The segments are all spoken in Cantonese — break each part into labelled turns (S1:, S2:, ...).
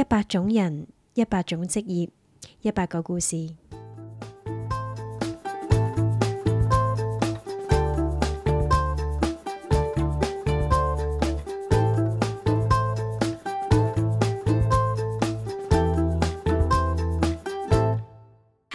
S1: 一百種人，一百種職業，一百個故事。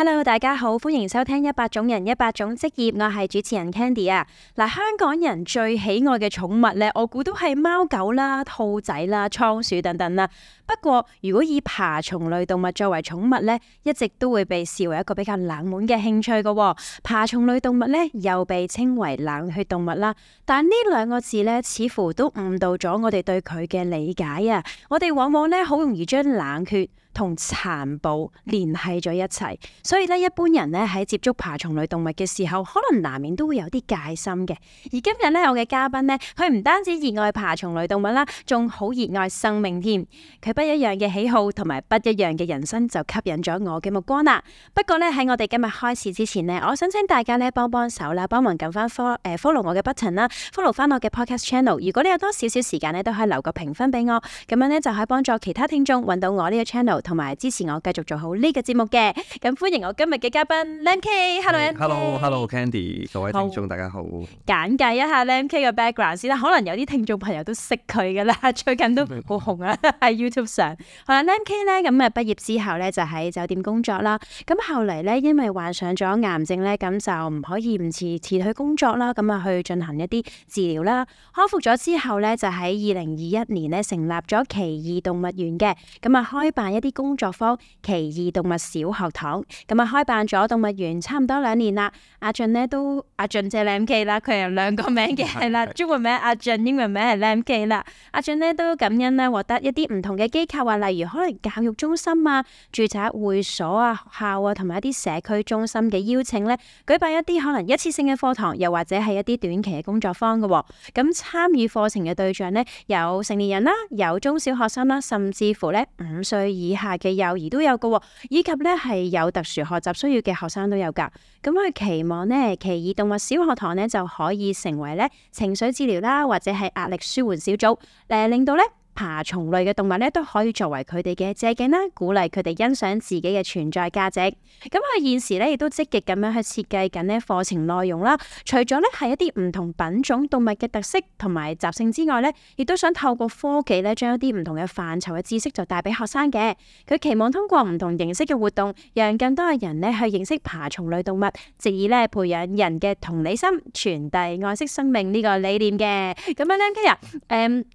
S1: hello，大家好，歡迎收聽一百種人，一百種職業，我係主持人 Candy 啊。嗱，香港人最喜愛嘅寵物咧，我估都係貓狗啦、兔仔啦、倉鼠等等啦。不過，如果以爬蟲類動物作為寵物咧，一直都會被視為一個比較冷門嘅興趣㗎喎。爬蟲類動物咧，又被稱為冷血動物啦。但呢兩個字咧，似乎都誤導咗我哋對佢嘅理解啊。我哋往往咧，好容易將冷血同殘暴聯繫咗一齊，所以咧，一般人咧喺接觸爬蟲類動物嘅時候，可能難免都會有啲戒心嘅。而今日咧，我嘅嘉賓呢，佢唔單止熱愛爬蟲類動物啦，仲好熱愛生命添。佢不一樣嘅喜好同埋不一樣嘅人生就吸引咗我嘅目光啦。不過咧，喺我哋今日開始之前呢，我想請大家咧幫幫手啦，幫忙撳翻 follow 我嘅 button 啦，follow 翻我嘅 podcast channel。如果你有多少少時間咧，都可以留個評分俾我，咁樣咧就可以幫助其他聽眾揾到我呢個 channel。同埋支持我繼續做好呢個節目嘅，咁歡迎我今日嘅嘉賓 Lam K Hello,。
S2: Hello，Hello，Hello，Candy，M. K. 各位聽眾大家好。
S1: 簡介一下 Lam K 嘅 background 先啦，可能有啲聽眾朋友都識佢噶啦，最近都好紅啊，喺麼 YouTube 上。阿 Lam K 呢，咁啊畢業之後呢，就喺酒店工作啦，咁後嚟呢，因為患上咗癌症呢，咁就唔可以唔辭辭退工作啦，咁啊去進行一啲治療啦。康復咗之後呢，就喺二零二一年呢，成立咗奇異動物園嘅，咁啊開辦一啲。工作坊《奇異動物小學堂》咁啊，開辦咗動物園差唔多兩年啦。阿俊呢都阿俊借 LamK 啦，佢有兩個名嘅，係啦，中文名阿俊，英文名係 LamK 啦。阿俊呢都感恩呢獲得一啲唔同嘅機構啊，例如可能教育中心啊、住宅會所啊、學校啊，同埋一啲社區中心嘅邀請呢，舉辦一啲可能一次性嘅課堂，又或者係一啲短期嘅工作坊嘅，哦。咁參與課程嘅對象呢，有成年人啦，有中小學生啦，甚至乎咧五歲以下，下嘅幼兒都有㗎，以及咧係有特殊學習需要嘅學生都有噶。咁佢期望呢，奇異動物小學堂呢就可以成為咧情緒治療啦，或者係壓力舒緩小組，誒，令到咧。爬蟲類嘅動物咧都可以作為佢哋嘅借鏡啦，鼓勵佢哋欣賞自己嘅存在價值。咁佢現時咧亦都積極咁樣去設計緊咧課程內容啦。除咗咧係一啲唔同品種動物嘅特色同埋習性之外咧，亦都想透過科技咧將一啲唔同嘅範疇嘅知識就帶俾學生嘅。佢期望通過唔同形式嘅活動，讓更多嘅人咧去認識爬蟲類動物，藉以咧培養人嘅同理心，傳遞愛惜生命呢個理念嘅。咁樣呢，今、嗯、日。誒。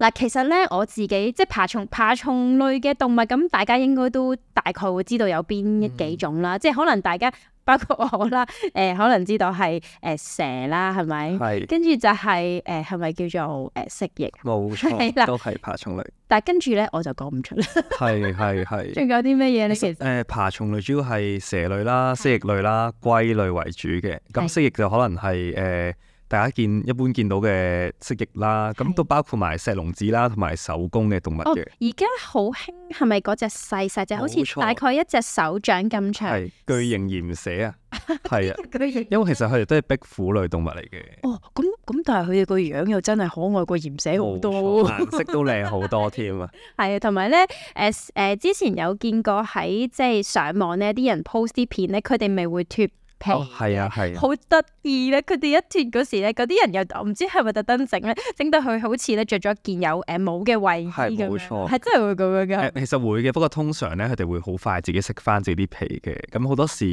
S1: 嗱，其實咧我自己即係爬蟲爬蟲類嘅動物，咁大家應該都大概會知道有邊幾種啦。嗯、即係可能大家包括我啦，誒、呃、可能知道係誒蛇啦，係咪？係是。跟住就係誒係咪叫做誒蜥蜴？
S2: 冇錯。係啦，都係爬蟲類。
S1: 但係跟住咧，我就講唔出啦。
S2: 係係係。仲
S1: 有啲咩嘢？咧其實誒
S2: 爬蟲類主要係蛇類啦、蜥蜴類啦、龜類為主嘅。咁是蜥蜴就可能係誒。呃大家見一般見到嘅蜥蜴啦，咁都是包括埋石龍子啦，同埋手工嘅動物嘅。而
S1: 家好興係咪嗰隻細細隻，錯好似大概一隻手掌咁長？
S2: 係，巨型鹽蛇啊，係啊， 因為其實佢哋都係壁虎類動物嚟嘅。哦，
S1: 咁咁但係佢哋個樣又真係可愛過鹽蛇好多，顏色
S2: 都靚好多添啊。
S1: 係啊， 同埋咧，誒、呃、誒、呃呃呃、之前有見過喺即係上網咧，啲人 post 啲片咧，佢哋咪會脫。
S2: 係皮、哦、啊，係好
S1: 得意咧！佢哋一脱嗰時咧，嗰啲人又唔知係咪特登整咧，整到佢好似咧著咗件有誒帽嘅衞衣，冇錯，係真係會咁樣嘅。
S2: 其實會嘅，不過通常咧，佢哋會好快自己食翻自己啲皮嘅。咁好多時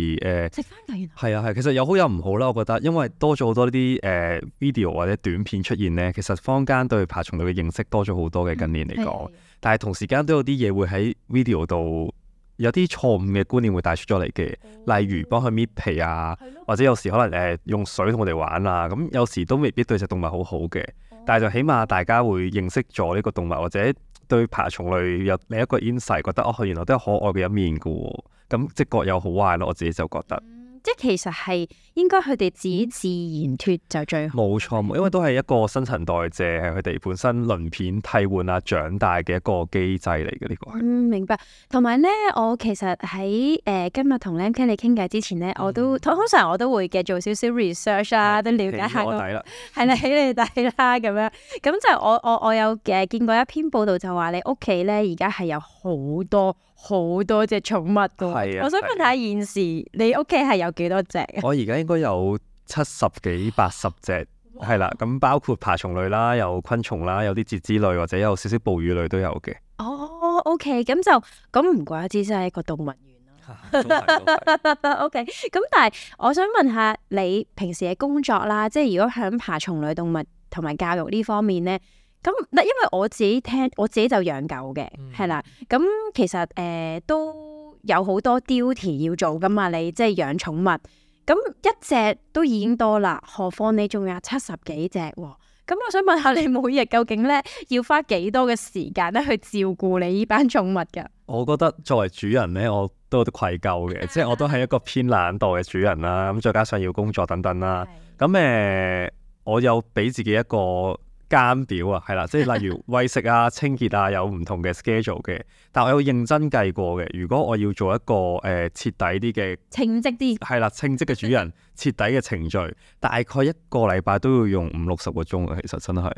S2: 誒，食翻㗎原來。係啊，係、啊，其實有好有唔好啦，我覺得，因為多咗好多呢啲誒 video 或者短片出現咧，其實坊間對爬蟲類嘅認識多咗好多嘅近年嚟講。嗯 okay. 但係同時間都有啲嘢會喺 video 度。有啲錯誤嘅觀念會帶出咗嚟嘅，例如幫佢搣皮啊，或者有時可能誒用水同我哋玩啊，咁有時都未必對隻動物好好嘅。但係就起碼大家會認識咗呢個動物，或者對爬蟲類有另一個認識，覺得哦，原來都係可愛嘅一面㗎喎、哦。咁即係各有好壞咯，我自己就覺得。
S1: 即係其實係應該佢哋自己自然脫就最
S2: 好，冇錯，因為都係一個新陳代謝係佢哋本身鱗片替換啊長大嘅一個機制嚟嘅呢個。
S1: 嗯，明白。同埋咧，我其實喺誒、呃、今日同 LamK 傾偈之前咧，我都、嗯、通常我都會嘅做少少 research 啊，嗯、都了解下我。我睇啦，係啦，起你底啦，咁樣。咁就我我我有嘅見過一篇報道就話你屋企咧而家係有好多好多隻寵物噶、啊，啊、我想問下現時、啊、你屋企係有幾多隻、啊、我
S2: 而家應該有七十幾八十隻，係啦哇，咁、啊、包括爬蟲類啦，有昆蟲啦，有啲節肢類或者有少少哺乳類都有嘅。哦
S1: ，OK，咁就咁唔怪之，真係一個動物園咯、啊。 啊、 OK，咁但係我想問下你平時嘅工作啦，即係如果喺爬蟲類動物同埋教育呢方面咧？咁嗱，因為我自己聽，我自己就養狗嘅，係啦、嗯。咁其實誒、呃、都有好多 duty 要做噶嘛，你即係養寵物，咁一隻都已經多啦，何況你仲有七十幾隻喎。咁、哦、我想問下你，每日究竟咧要花幾多嘅時間咧去照顧你呢班寵物噶？
S2: 我覺得作為主人咧，我都愧疚嘅，即係 我都係一個偏懶惰嘅主人啦。咁再加上要工作等等啦，咁誒的、呃，我有俾自己一個。間表啊，係啦，即係例如餵食啊、 清潔啊，有唔同嘅 schedule 嘅。但我有認真計過嘅，如果我要做一個誒、呃、徹底啲嘅
S1: 稱職啲，
S2: 係啦，稱職嘅主人 徹底嘅程序，大概一個禮拜都要用五六十個鐘啊。其實真係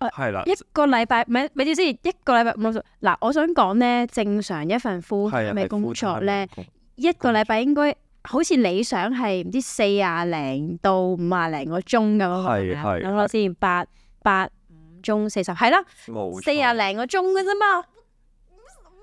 S2: 係、呃、啦一等
S1: 等，一個禮拜唔係，咪住先，一個禮拜五六十。嗱、啊，我想講咧，正常一份 full time 嘅工作
S2: 咧，
S1: 一個禮拜應該好似理想係唔知四啊零到五啊零個鐘咁樣，講多次八。八五鐘四十係啦，四廿零個鐘嘅啫嘛，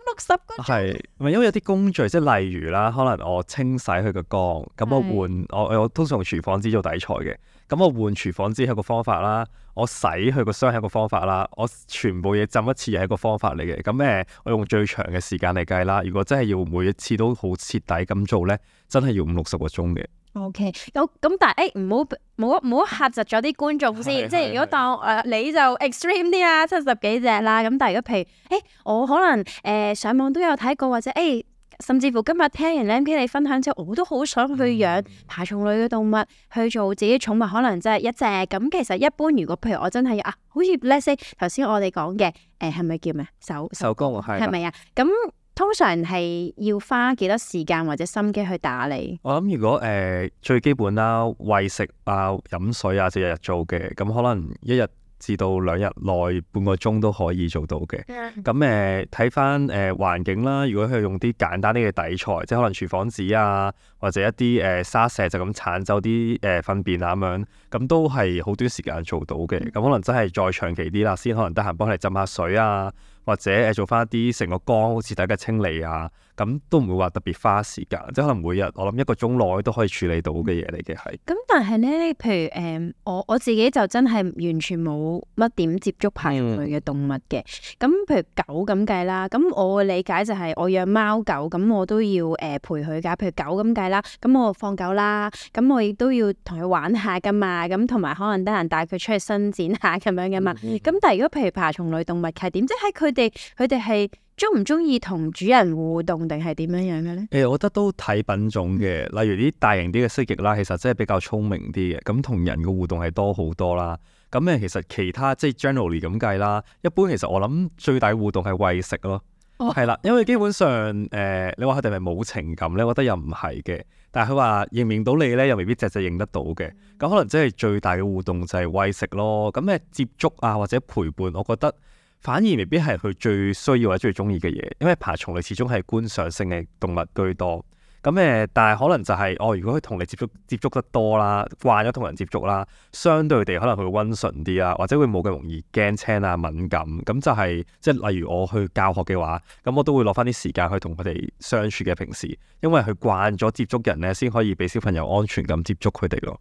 S1: 六十
S2: 個鐘？係，因為有啲工序，即係例如啦，可能我清洗佢個缸，咁是我換我我通常用廚房紙做底材嘅，咁我換廚房紙係一個方法啦，我洗佢個箱係一個方法啦，我全部嘢浸一次又係一個方法嚟嘅，咁誒，我用最長嘅時間嚟計啦。如果真係要每一次都好徹底咁做咧，真係要五六十個鐘嘅。
S1: O K，咁但係誒，唔好唔好唔好吓窒咗啲觀眾先，對對對即係如果當誒你就 extreme 啲啊，七十幾隻啦，咁但係如果譬如誒，我可能誒上網都有睇過或者誒、哎，甚至乎今日聽完 LamK 你分享之後，我都好想去養爬蟲類嘅動物、嗯、去做自己寵物，可能真係一隻咁。其實一般如果譬如我真係啊，好似 let's say 頭先我哋講嘅誒，係、哎、咪叫咩手手
S2: 工啊，係咪啊？
S1: 咁、哦。通常係要花幾多時間或者心機去打理？
S2: 我諗如果誒、呃、最基本啦，餵食啊、飲水啊，就日日做嘅，咁可能一日至到兩日內半個鐘都可以做到嘅。咁誒睇返誒環境啦，如果佢用啲簡單啲嘅底材，即係可能廚房紙啊，或者一啲誒、呃、沙石就，就咁鏟走啲誒糞便啊咁樣，咁都係好短時間做到嘅。咁 可能真係再長期啲啦，先可能得閒幫佢浸下水啊。或者誒做翻一啲成個缸，好似大家清理啊～咁都唔會話特別花時間，即係可能每日我諗一個鐘內都可以處理到嘅嘢，嚟嘅係。咁
S1: 但係咧，譬如誒，我、um, 我自己就真係完全冇乜點接觸爬蟲類嘅動物嘅。咁譬如狗咁計啦，咁我嘅理解就係我養貓狗，咁我都要誒陪佢噶。譬如狗咁計啦，咁、嗯、我 放狗啦，咁我亦都要同佢玩下噶嘛。咁同埋可能得閒帶佢出去伸展下咁樣噶嘛。咁但係如果譬如爬蟲類動物係點？即係佢哋佢哋係。鍾唔鍾意同主人互動定係點樣樣嘅咧？誒、欸，
S2: 我覺得都睇品種嘅，例如啲大型啲嘅蜥蜴啦，其實真係比較聰明啲嘅，咁同人嘅互動係多好多啦。咁咧，其實其他即係 generally 咁計啦，一般其實我諗最大互動係餵食咯，係啦、哦，因為基本上誒、呃，你話佢哋係冇情感咧，我覺得又唔係嘅。但係佢話認唔認到你咧，又未必隻隻認得到嘅。咁可能即係最大嘅互動就係餵食咯。咁咧接觸啊或者陪伴，我覺得。反而未必係佢最需要或者最中意嘅嘢，因為爬蟲類始終係觀賞性嘅動物居多。咁誒，但係可能就係，哦，如果佢同你接觸接觸得多啦，慣咗同人接觸啦，相對地可能佢會溫順啲啊，或者會冇咁容易驚青啊、敏感。咁就係即係例如我去教學嘅話，咁我都會攞翻啲時間去同佢哋相處嘅平時，因為佢慣咗接觸人咧，先可以俾小朋友安全咁接觸佢哋咯。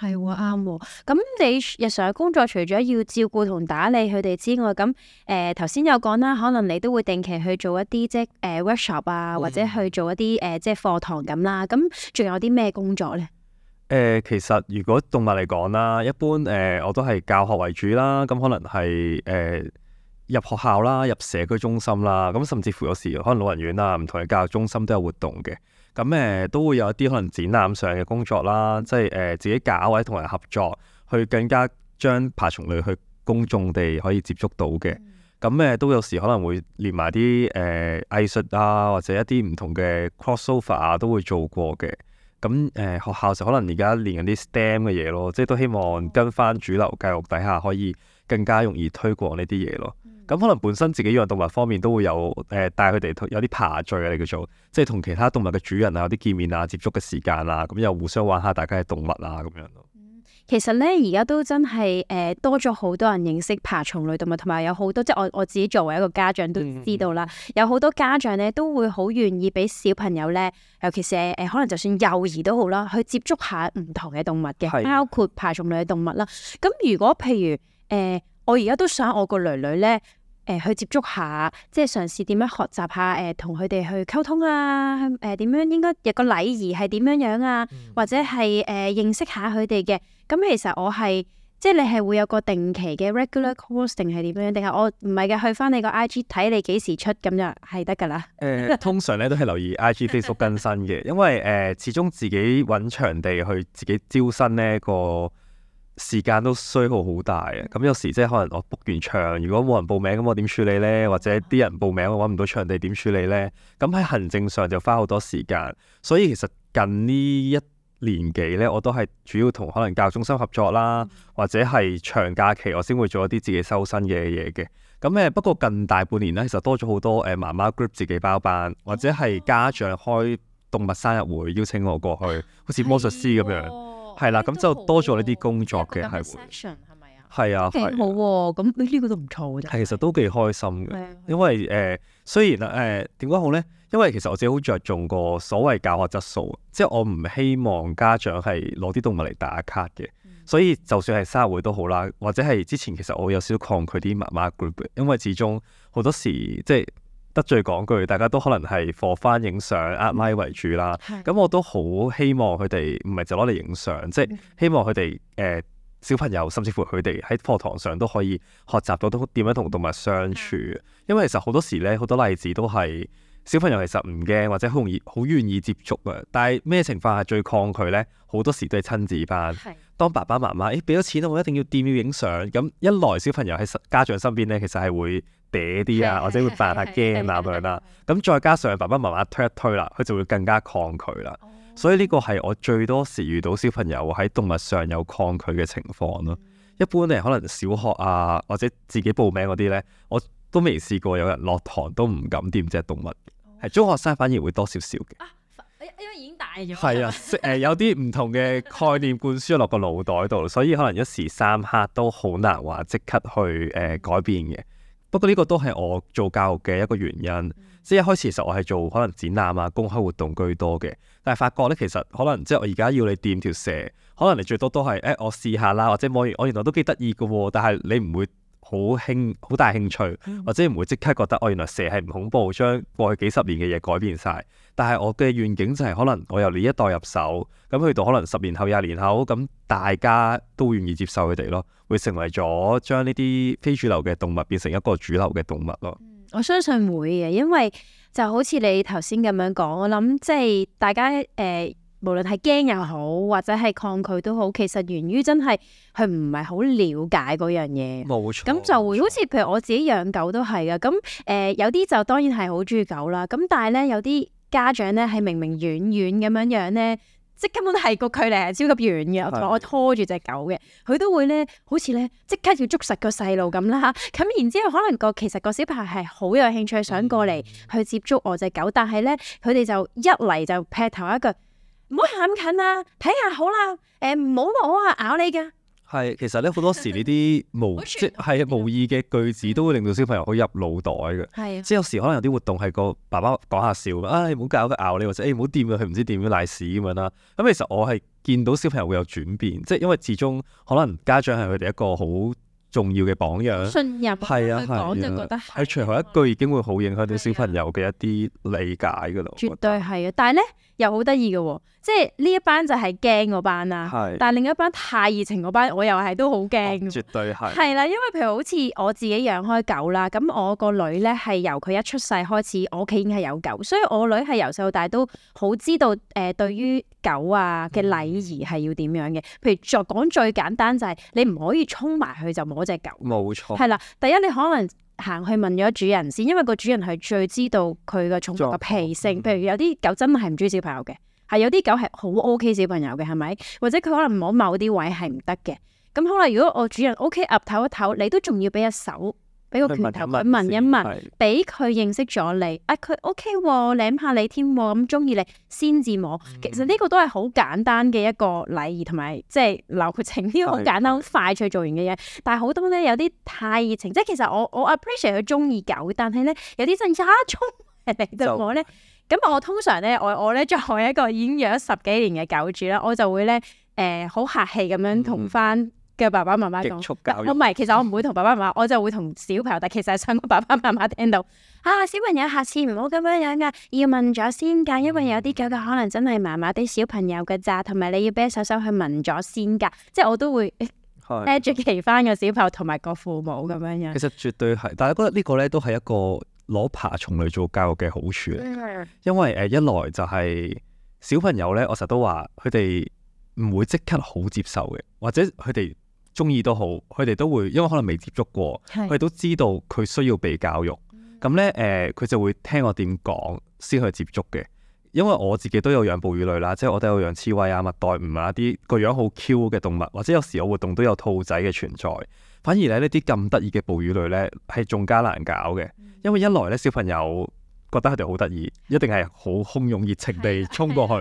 S1: 係喎，啱喎，咁你日常嘅工作除咗要照顧同打理佢哋之外，咁誒頭先有講啦，可能你都會定期去做一啲即誒 workshop 啊，或者去做一啲誒即係課堂咁啦，咁仲有啲咩工作咧？
S2: 誒、 嗯，其實如果動物嚟講啦，一般誒我都係教學為主啦，咁可能係誒入學校啦，入社區中心啦，咁甚至乎有時可能老人院啊，唔同嘅教育中心都有活動嘅。咁誒、嗯、都會有一啲可能展覽上嘅工作啦，即係誒、呃、自己搞或者同人合作，去更加將爬蟲類去公眾地可以接觸到嘅。咁誒、嗯嗯、都有時可能會連埋啲誒藝術啊，或者一啲唔同嘅 crossover 啊都會做過嘅。咁、嗯、誒、呃、學校就可能而家連緊啲 STEM 嘅嘢咯，即係都希望跟翻主流教育底下可以更加容易推廣呢啲嘢咯。咁可能本身自己養動物方面都會有誒，帶佢哋有啲爬聚啊，嚟叫做，即係同其他動物嘅主人啊，有啲見面啊、接觸嘅時間啦，咁又互相玩下大家嘅動物啊，咁樣咯。嗯，
S1: 其實咧而家都真係誒多咗好多人認識爬蟲類動物，同埋有好多即係我我自己作為一個家長都知道啦，有好多家長咧都會好願意俾小朋友咧，尤其是誒可能就算幼兒都好啦，去接觸下唔同嘅動物嘅，包括爬蟲類嘅動物啦。咁如果譬如誒我而家都想我個女女咧。誒去接觸下，即係嘗試點樣學習下，誒同佢哋去溝通啊，誒、呃、點樣應該有個禮儀係點樣樣啊，或者係誒、呃、認識下佢哋嘅。咁其實我係即係你係會有個定期嘅 regular course 定係點樣？定係我唔係嘅，去返你個 IG 睇你幾時出咁就係得㗎啦。
S2: 誒、呃、通常咧都係留意 IG Facebook 更新嘅， 因為誒、呃、始終自己揾場地去自己招生呢、那個。時間都消耗好大啊！咁有時即係可能我 book 完場，如果冇人報名，咁我點處理呢？或者啲人報名，我揾唔到場地點處理呢？咁喺行政上就花好多時間，所以其實近呢一年幾呢，我都係主要同可能教育中心合作啦，嗯、或者係長假期我先會做一啲自己修身嘅嘢嘅。咁誒不過近大半年呢，其實多咗好多誒媽媽 group 自己包班，或者係家長開動物生日會邀請我過去，哦、好似魔術師咁樣。哎係啦，咁就多咗呢啲工作嘅，係會係啊，幾
S1: 好喎。咁呢呢個都唔錯
S2: 嘅。其實都幾開心嘅，因為誒、呃，雖然誒，點、呃、講好咧？因為其實我自己好着重個所謂教學質素，即、就、係、是、我唔希望家長係攞啲動物嚟打卡嘅。所以就算係生日會都好啦，或者係之前其實我有少少抗拒啲媽媽 group，因為始終好多時即係。得罪講句，大家都可能係放翻影相、壓麥、嗯啊、為主啦。咁是的 我都好希望佢哋唔係就攞嚟影相，是的 即係希望佢哋誒小朋友，甚至乎佢哋喺課堂上都可以學習到點樣同動物相處。是的 因為其實好多時咧，好多例子都係小朋友其實唔驚，或者好容易、好願意接觸啊。但係咩情況係最抗拒咧？好多時都係親子班，是的 當爸爸媽媽誒俾咗錢，我一定要掂要影相。咁一來，小朋友喺家長身邊咧，其實係會。嗲啲啊，或者會扮下驚啊咁樣啦。咁再加上爸爸媽媽推一推啦，佢就會更加抗拒啦。哦、所以呢個係我最多時遇到小朋友喺動物上有抗拒嘅情況咯。嗯、一般咧可能小學啊，或者自己報名嗰啲呢，我都未試過有人落堂都唔敢掂隻動物。係、哦、中學生反而會多少少嘅、啊。因為已經大咗。係 啊，有啲唔同嘅概念灌輸落個腦袋度，所以可能一時三刻都好難話即刻去誒改變嘅。嗯不過呢個都係我做教育嘅一個原因，即係一開始其實我係做可能展覽啊、公開活動居多嘅，但係發覺呢，其實可能即係我而家要你掂條蛇，可能你最多都係誒，我試下啦，或者摸完我原來都幾得意嘅喎，但係你唔會，好興好大興趣，或者唔會即刻覺得哦，原來蛇係唔恐怖，將過去幾十年嘅嘢改變晒。但係我嘅願景就係可能我由呢一代入手，咁去到可能十年後、廿年後，咁大家都願意接受佢哋咯，會成為咗將呢啲非主流嘅動物變成一個主流嘅動物咯。
S1: 我相信會嘅，因為就好似你頭先咁樣講，我諗即係大家誒。呃無論係驚又好，或者係抗拒都好，其實源於真係佢唔係好了解嗰樣嘢。冇錯，咁就會錯好似譬如我自己養狗都係嘅。咁誒、呃，有啲就當然係好中意狗啦。咁但係咧，有啲家長咧係明明遠遠咁樣樣咧，即根本係個距離係超級遠嘅，的我拖住隻狗嘅，佢都會咧好似咧即刻要捉實個細路咁啦。咁然之後可能個其實個小朋友係好有興趣想過嚟去接觸我隻狗，嗯、但係咧佢哋就一嚟就劈頭一腳。唔好喊近啊！睇下好啦，誒唔好摸啊，咬你噶。
S2: 係，其實咧好多時呢啲無 聞即係意嘅句子，都會令到小朋友好入腦袋嘅。係、啊，即有時可能有啲活動係個爸爸講下笑，誒唔好搞佢咬你，或者誒唔好掂佢，唔、哎、知點樣瀨屎咁樣啦。咁其實我係見到小朋友會有轉變，即係因為始終可能家長係佢哋一個好重要嘅榜樣。信入係啊，講就覺得係。最後一句已經會好影響到小朋友嘅一啲理解噶啦。絕
S1: 對係啊，但係咧又好得意嘅喎。即係呢一班就係驚嗰班啦，是但係另一班太熱情嗰班，我又係都好驚、哦。
S2: 絕對係。係
S1: 啦，因為譬如好似我自己養開狗啦，咁我個女咧係由佢一出世開始，我屋企已經係有狗，所以我女係由細到大都好知道誒、呃、對於狗啊嘅禮儀係要點樣嘅。嗯、譬如再講最簡單就係你唔可以衝埋去就摸隻
S2: 狗。冇錯。係啦，
S1: 第一你可能行去問咗主人先，因為個主人係最知道佢個寵物嘅脾性。嗯、譬如有啲狗真係唔中意小朋友嘅。係有啲狗係好 O K 小朋友嘅，係咪？或者佢可能摸某啲位係唔得嘅。咁好啦，如果我主人 O K 岌頭一頭，你都仲要俾一手，俾個拳頭佢聞一聞，俾佢對 認識咗你。啊，佢 O K 喎，舐下你添，咁中意你先至摸。嗯、其實呢個都係好簡單嘅一個禮儀同埋即係流程，呢、呢個好簡單、對 好快脆做完嘅嘢。但係好多咧，有啲太熱情，即係其實我我 appreciate 佢中意狗，但係咧有啲真係一沖嚟到我咧。咁我通常咧，我我咧作為一個已經養咗十幾年嘅狗主啦，我就會咧誒好客氣咁樣同翻嘅爸爸媽媽講。我唔係，其實我唔會同爸爸媽媽，我就會同小朋友。但其實係想個爸爸媽媽聽到 啊，小朋友下次唔好咁樣樣、啊、噶，要聞咗先噶、啊，因為有啲狗狗可能真係麻麻哋小朋友嘅咋，同埋你要俾手手去聞咗先噶、啊。即係我都會拉住其翻個小朋友同埋個父母咁樣樣。其
S2: 實絕對係，但係我覺得個呢個咧都係一個。攞爬蟲嚟做教育嘅好處，因為誒一來就係小朋友呢，我成日都話佢哋唔會即刻好接受嘅，或者佢哋中意都好，佢哋都會因為可能未接觸過，佢哋都知道佢需要被教育，咁呢，誒、呃、佢就會聽我點講先去接觸嘅。因為我自己都有養哺乳類啦，即係我都有養刺猬啊、蜜袋鼯啊，啲個樣好 Q 嘅動物，或者有時有活動都有兔仔嘅存在。反而咧，呢啲咁得意嘅哺乳類呢，係仲加難搞嘅，因為一來呢，小朋友覺得佢哋好得意，一定係好洶湧熱情地衝過去。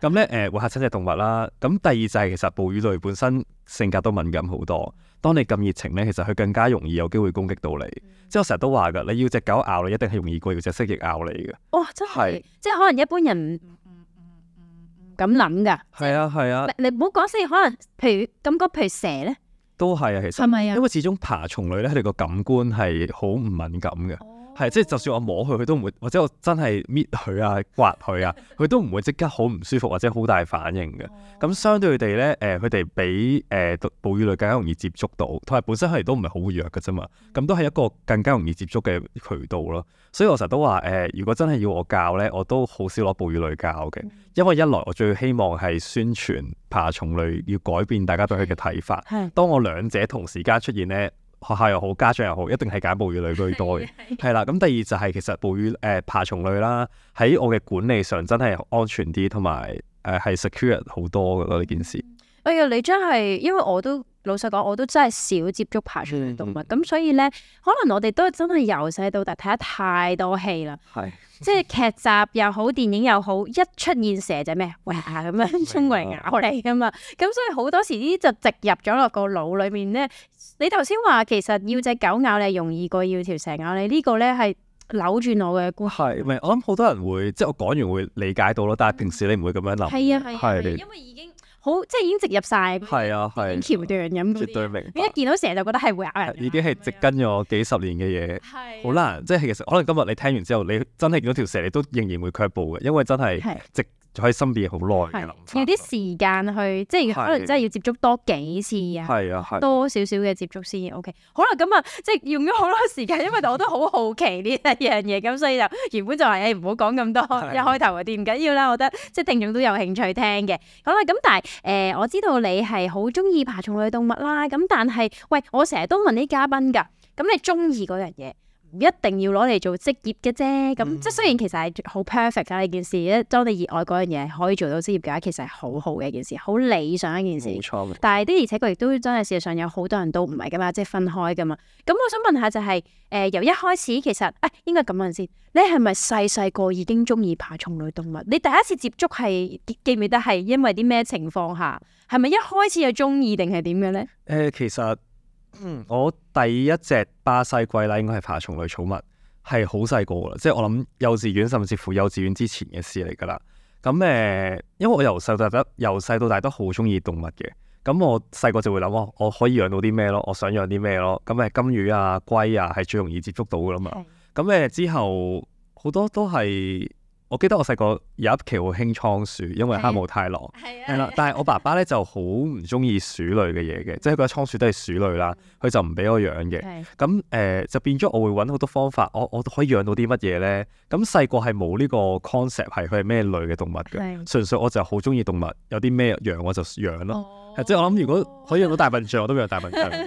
S2: 咁呢誒、呃，會嚇親隻動物啦。咁第二就係其實哺乳類本身性格都敏感好多。當你咁熱情咧，其實佢更加容易有機會攻擊到你。即係我成日都話㗎，你要隻狗咬你，一定係容易過要隻蜥蜴咬你嘅。哇、哦！真係，是
S1: 即係可能一般人唔咁諗㗎。
S2: 係啊係啊，啊
S1: 你唔好講先。可能譬如咁講，譬如蛇咧，
S2: 都係啊。其實係咪啊？因為始終爬蟲類咧，佢哋個感官係好唔敏感嘅。係，即係就算我摸佢，佢都唔會；或者我真係搣佢啊、刮佢啊，佢都唔會即刻好唔舒服或者好大反應嘅。咁相對佢哋咧，誒佢哋比誒哺乳類更加容易接觸到，同埋本身佢哋都唔係好弱嘅啫嘛。咁都係一個更加容易接觸嘅渠道咯。所以我成日都話，誒、呃、如果真係要我教咧，我都好少攞哺乳類教嘅，因為一來我最希望係宣傳爬蟲類要改變大家對佢嘅睇法。的當我兩者同時間出現咧。學校又好，家長又好，一定係揀哺乳類居多嘅。係的啦，咁第二就係其實哺乳誒爬蟲類啦，喺我嘅管理上真係安全啲，同埋誒係 secure 好多嘅咯。呢、嗯、件事，
S1: 哎呀，你真係，因為我都老實講，我都真係少接觸爬蟲類動物，咁、嗯、所以咧，可能我哋都真係由細到大睇得太多戲啦。係的，即係劇集又好，電影又好，一出現蛇仔咩，喂咁樣衝過嚟咬你啊嘛，咁吧、嗯、所以好多時呢就植入咗落個腦裏面咧。你頭先話其實要隻狗咬你容易過要條蛇咬你，呢個咧係扭轉我嘅觀念。
S2: 我諗好多人會，即係我講完會理解到咯。但係平時你唔會咁樣諗。係啊，係啊，因為已經
S1: 好，即係已經植入曬嗰啲橋段咁。絕對明。你一見到蛇就覺得係會咬人，
S2: 已經係植根咗幾十年嘅嘢，好難。即係其實可能今日你聽完之後，你真係見到條蛇，你都仍然會卻步嘅，因為真係植。就可以身邊好耐㗎
S1: 啦，有啲時間去，即係可能真係要接觸多幾次啊，係啊，係多少少嘅接觸先 OK。好啦，咁啊，即係用咗好多時間，因為我都好好奇呢一樣嘢，咁 所以就原本就話誒唔好講咁多，的一開頭啊啲唔緊要啦，我覺得即係聽眾都有興趣聽嘅。好啦，咁但係誒、呃，我知道你係好中意爬蟲類動物啦，咁但係喂，我成日都問啲嘉賓㗎，咁你中意嗰樣嘢？唔一定要攞嚟做職業嘅啫，咁即係雖然其實係好 perfect 啦呢件事，當你熱愛嗰樣嘢可以做到職業嘅話，其實係好好嘅一件事，好理想一件事。冇錯。但係的而且確亦都真係事實上有好多人都唔係噶嘛，即係分開噶嘛。咁我想問下就係、是，誒、呃、由一開始其實，誒、啊、應該咁問先，你係咪細細個已經中意爬蟲類動物？你第一次接觸係記唔記得係因為啲咩情況下？係咪一開始就中意定係點嘅咧？
S2: 誒、呃、其實。嗯，我第一隻巴西龜啦，應該係爬蟲類寵物，係好細個噶啦，即係我諗幼稚園甚至乎幼稚園之前嘅事嚟噶啦。咁誒，因為我由細到大都，由細到大都好中意動物嘅。咁我細個就會諗，我我可以養到啲咩咯？我想養啲咩咯？咁誒，金魚啊、龜啊，係最容易接觸到噶啦嘛。咁誒之後好多都係。我記得我細個有一期好興倉鼠，因為哈姆太郎係啦，的但係我爸爸咧就好唔中意鼠類嘅嘢嘅， 即係覺得倉鼠都係鼠類啦，佢就唔俾我養嘅。咁誒的、呃、就變咗我會揾好多方法，我我可以養到啲乜嘢咧？咁細個係冇呢個 concept 係佢係咩類嘅動物嘅，的純粹我就好中意動物，有啲咩養我就養咯。哦即係我諗，如果可以養到大笨象，我都養大笨象嘅。